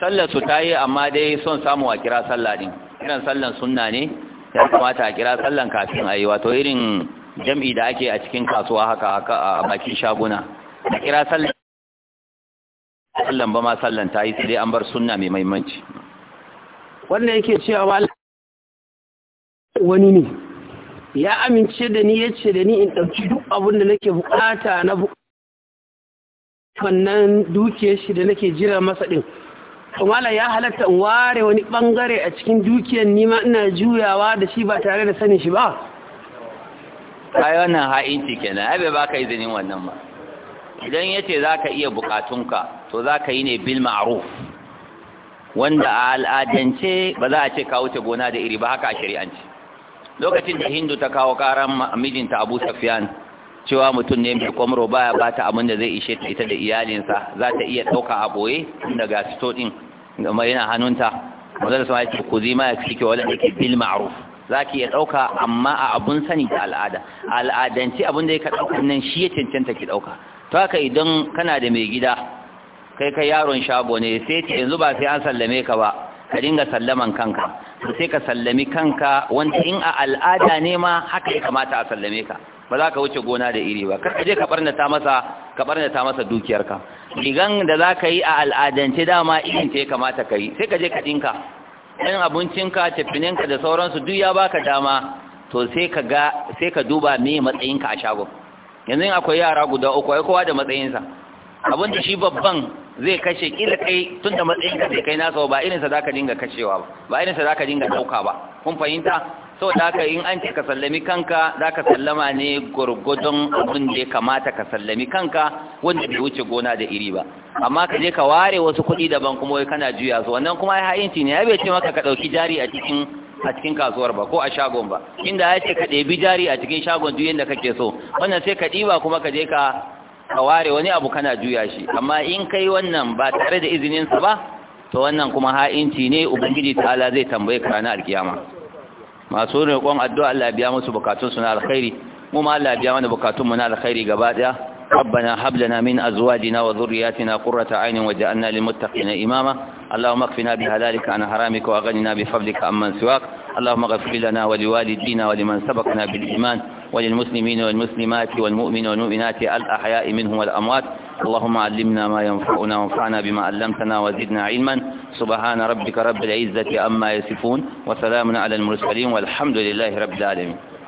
sallarsu ta yi amma dai son samu a kira sallah ne kiran sallan sunna ne ya kamata a kira sallan kafin a yi wato irin jam'i da ake a cikin kasuwa haka a bakin shaguna a kira sallan ba ma sallan ta yi sai an bar sunna mai maimanci wannan yake cewa wani ne ya amince da ni ya ce da ni in ɗauki duk abin da nake bukata na wannan dukiyar shi da nake jira masa ɗin kamala ya halatta in ware wani ɓangare a cikin dukiyar nima ina juyawa da shi ba tare da sanin shi ba ai wannan ha'inci kenan ai bai baka izinin wannan ba idan yace zaka iya bukatunka to zaka yi ne bil ma'ruf wanda a al'adance ba za a ce ka wuce gona da iri ba haka a shari'anci lokacin da hindu ta kawo karan mijinta abu safiyan cewa mutum ne mai kwamro baya ba ta abin da zai ishe ta ita da iyalinsa za ta iya ɗauka a ɓoye daga sito ɗin gama yana hannunta mazal sama ya ce ku zima ya cike wadda ake bil ma'ruf za ki iya ɗauka amma a abun sani da al'ada al'adanci abin da ya ka ɗauka nan shi ya cancanta ki ɗauka to haka idan kana da mai gida kai ka yaron shago ne sai ce yanzu ba sai an sallame ka ba ka dinga sallaman kanka to sai ka sallami kanka wanda in a al'ada ne ma haka ya kamata a sallame ka ba za ka wuce gona da iri ba kar je ka barnata masa ka barnata masa dukiyarka idan da za ka yi a al'adance dama irin ce ya kamata ka yi sai ka je ka dinka ɗan abincinka tafininka da sauransu duk ya baka dama to sai ka duba me matsayinka a shagon yanzu akwai yara guda uku ai kowa da matsayinsa abin da shi babban zai kashe kila kai tunda da matsayinka zai kai nasa ba irinsa za ka dinga kashewa ba ba irinsa za ka dinga ɗauka ba kun fahimta so da haka in an ce ka sallami kanka za ka sallama ne gwargwadon abin da ya kamata ka sallami kanka wanda bai wuce gona da iri ba amma ka je ka ware wasu kuɗi daban kuma wai kana juya su wannan kuma ya ha'inci ne ya bai ce maka ka ɗauki jari a cikin a cikin kasuwar ba ko a shagon ba inda ya ce ka ɗebi jari a cikin shagon duk da kake so wannan sai ka ɗiba kuma ka je ka ka ware wani abu kana juya shi amma in kai wannan ba tare da izininsa ba to wannan kuma ha'inci ne ubangiji ta'ala zai tambaye ka ranar alkiyama masu roƙon addu'a Allah biya musu bukatun su na alkhairi mu ma Allah biya mana bukatun mu na alkhairi gaba ɗaya. ربنا هب لنا من أزواجنا وذرياتنا قرة عين وجعلنا للمتقين إماما اللهم اكفنا بهلالك عن حرامك وأغننا بفضلك عمن سواك اللهم اغفر لنا ولوالدينا ولمن سبقنا بالإيمان وللمسلمين والمسلمات والمؤمن والمؤمنات الأحياء منهم والأموات اللهم علمنا ما ينفعنا وانفعنا بما علمتنا وزدنا علما سبحان ربك رب العزة أما يصفون وسلام على المرسلين والحمد لله رب العالمين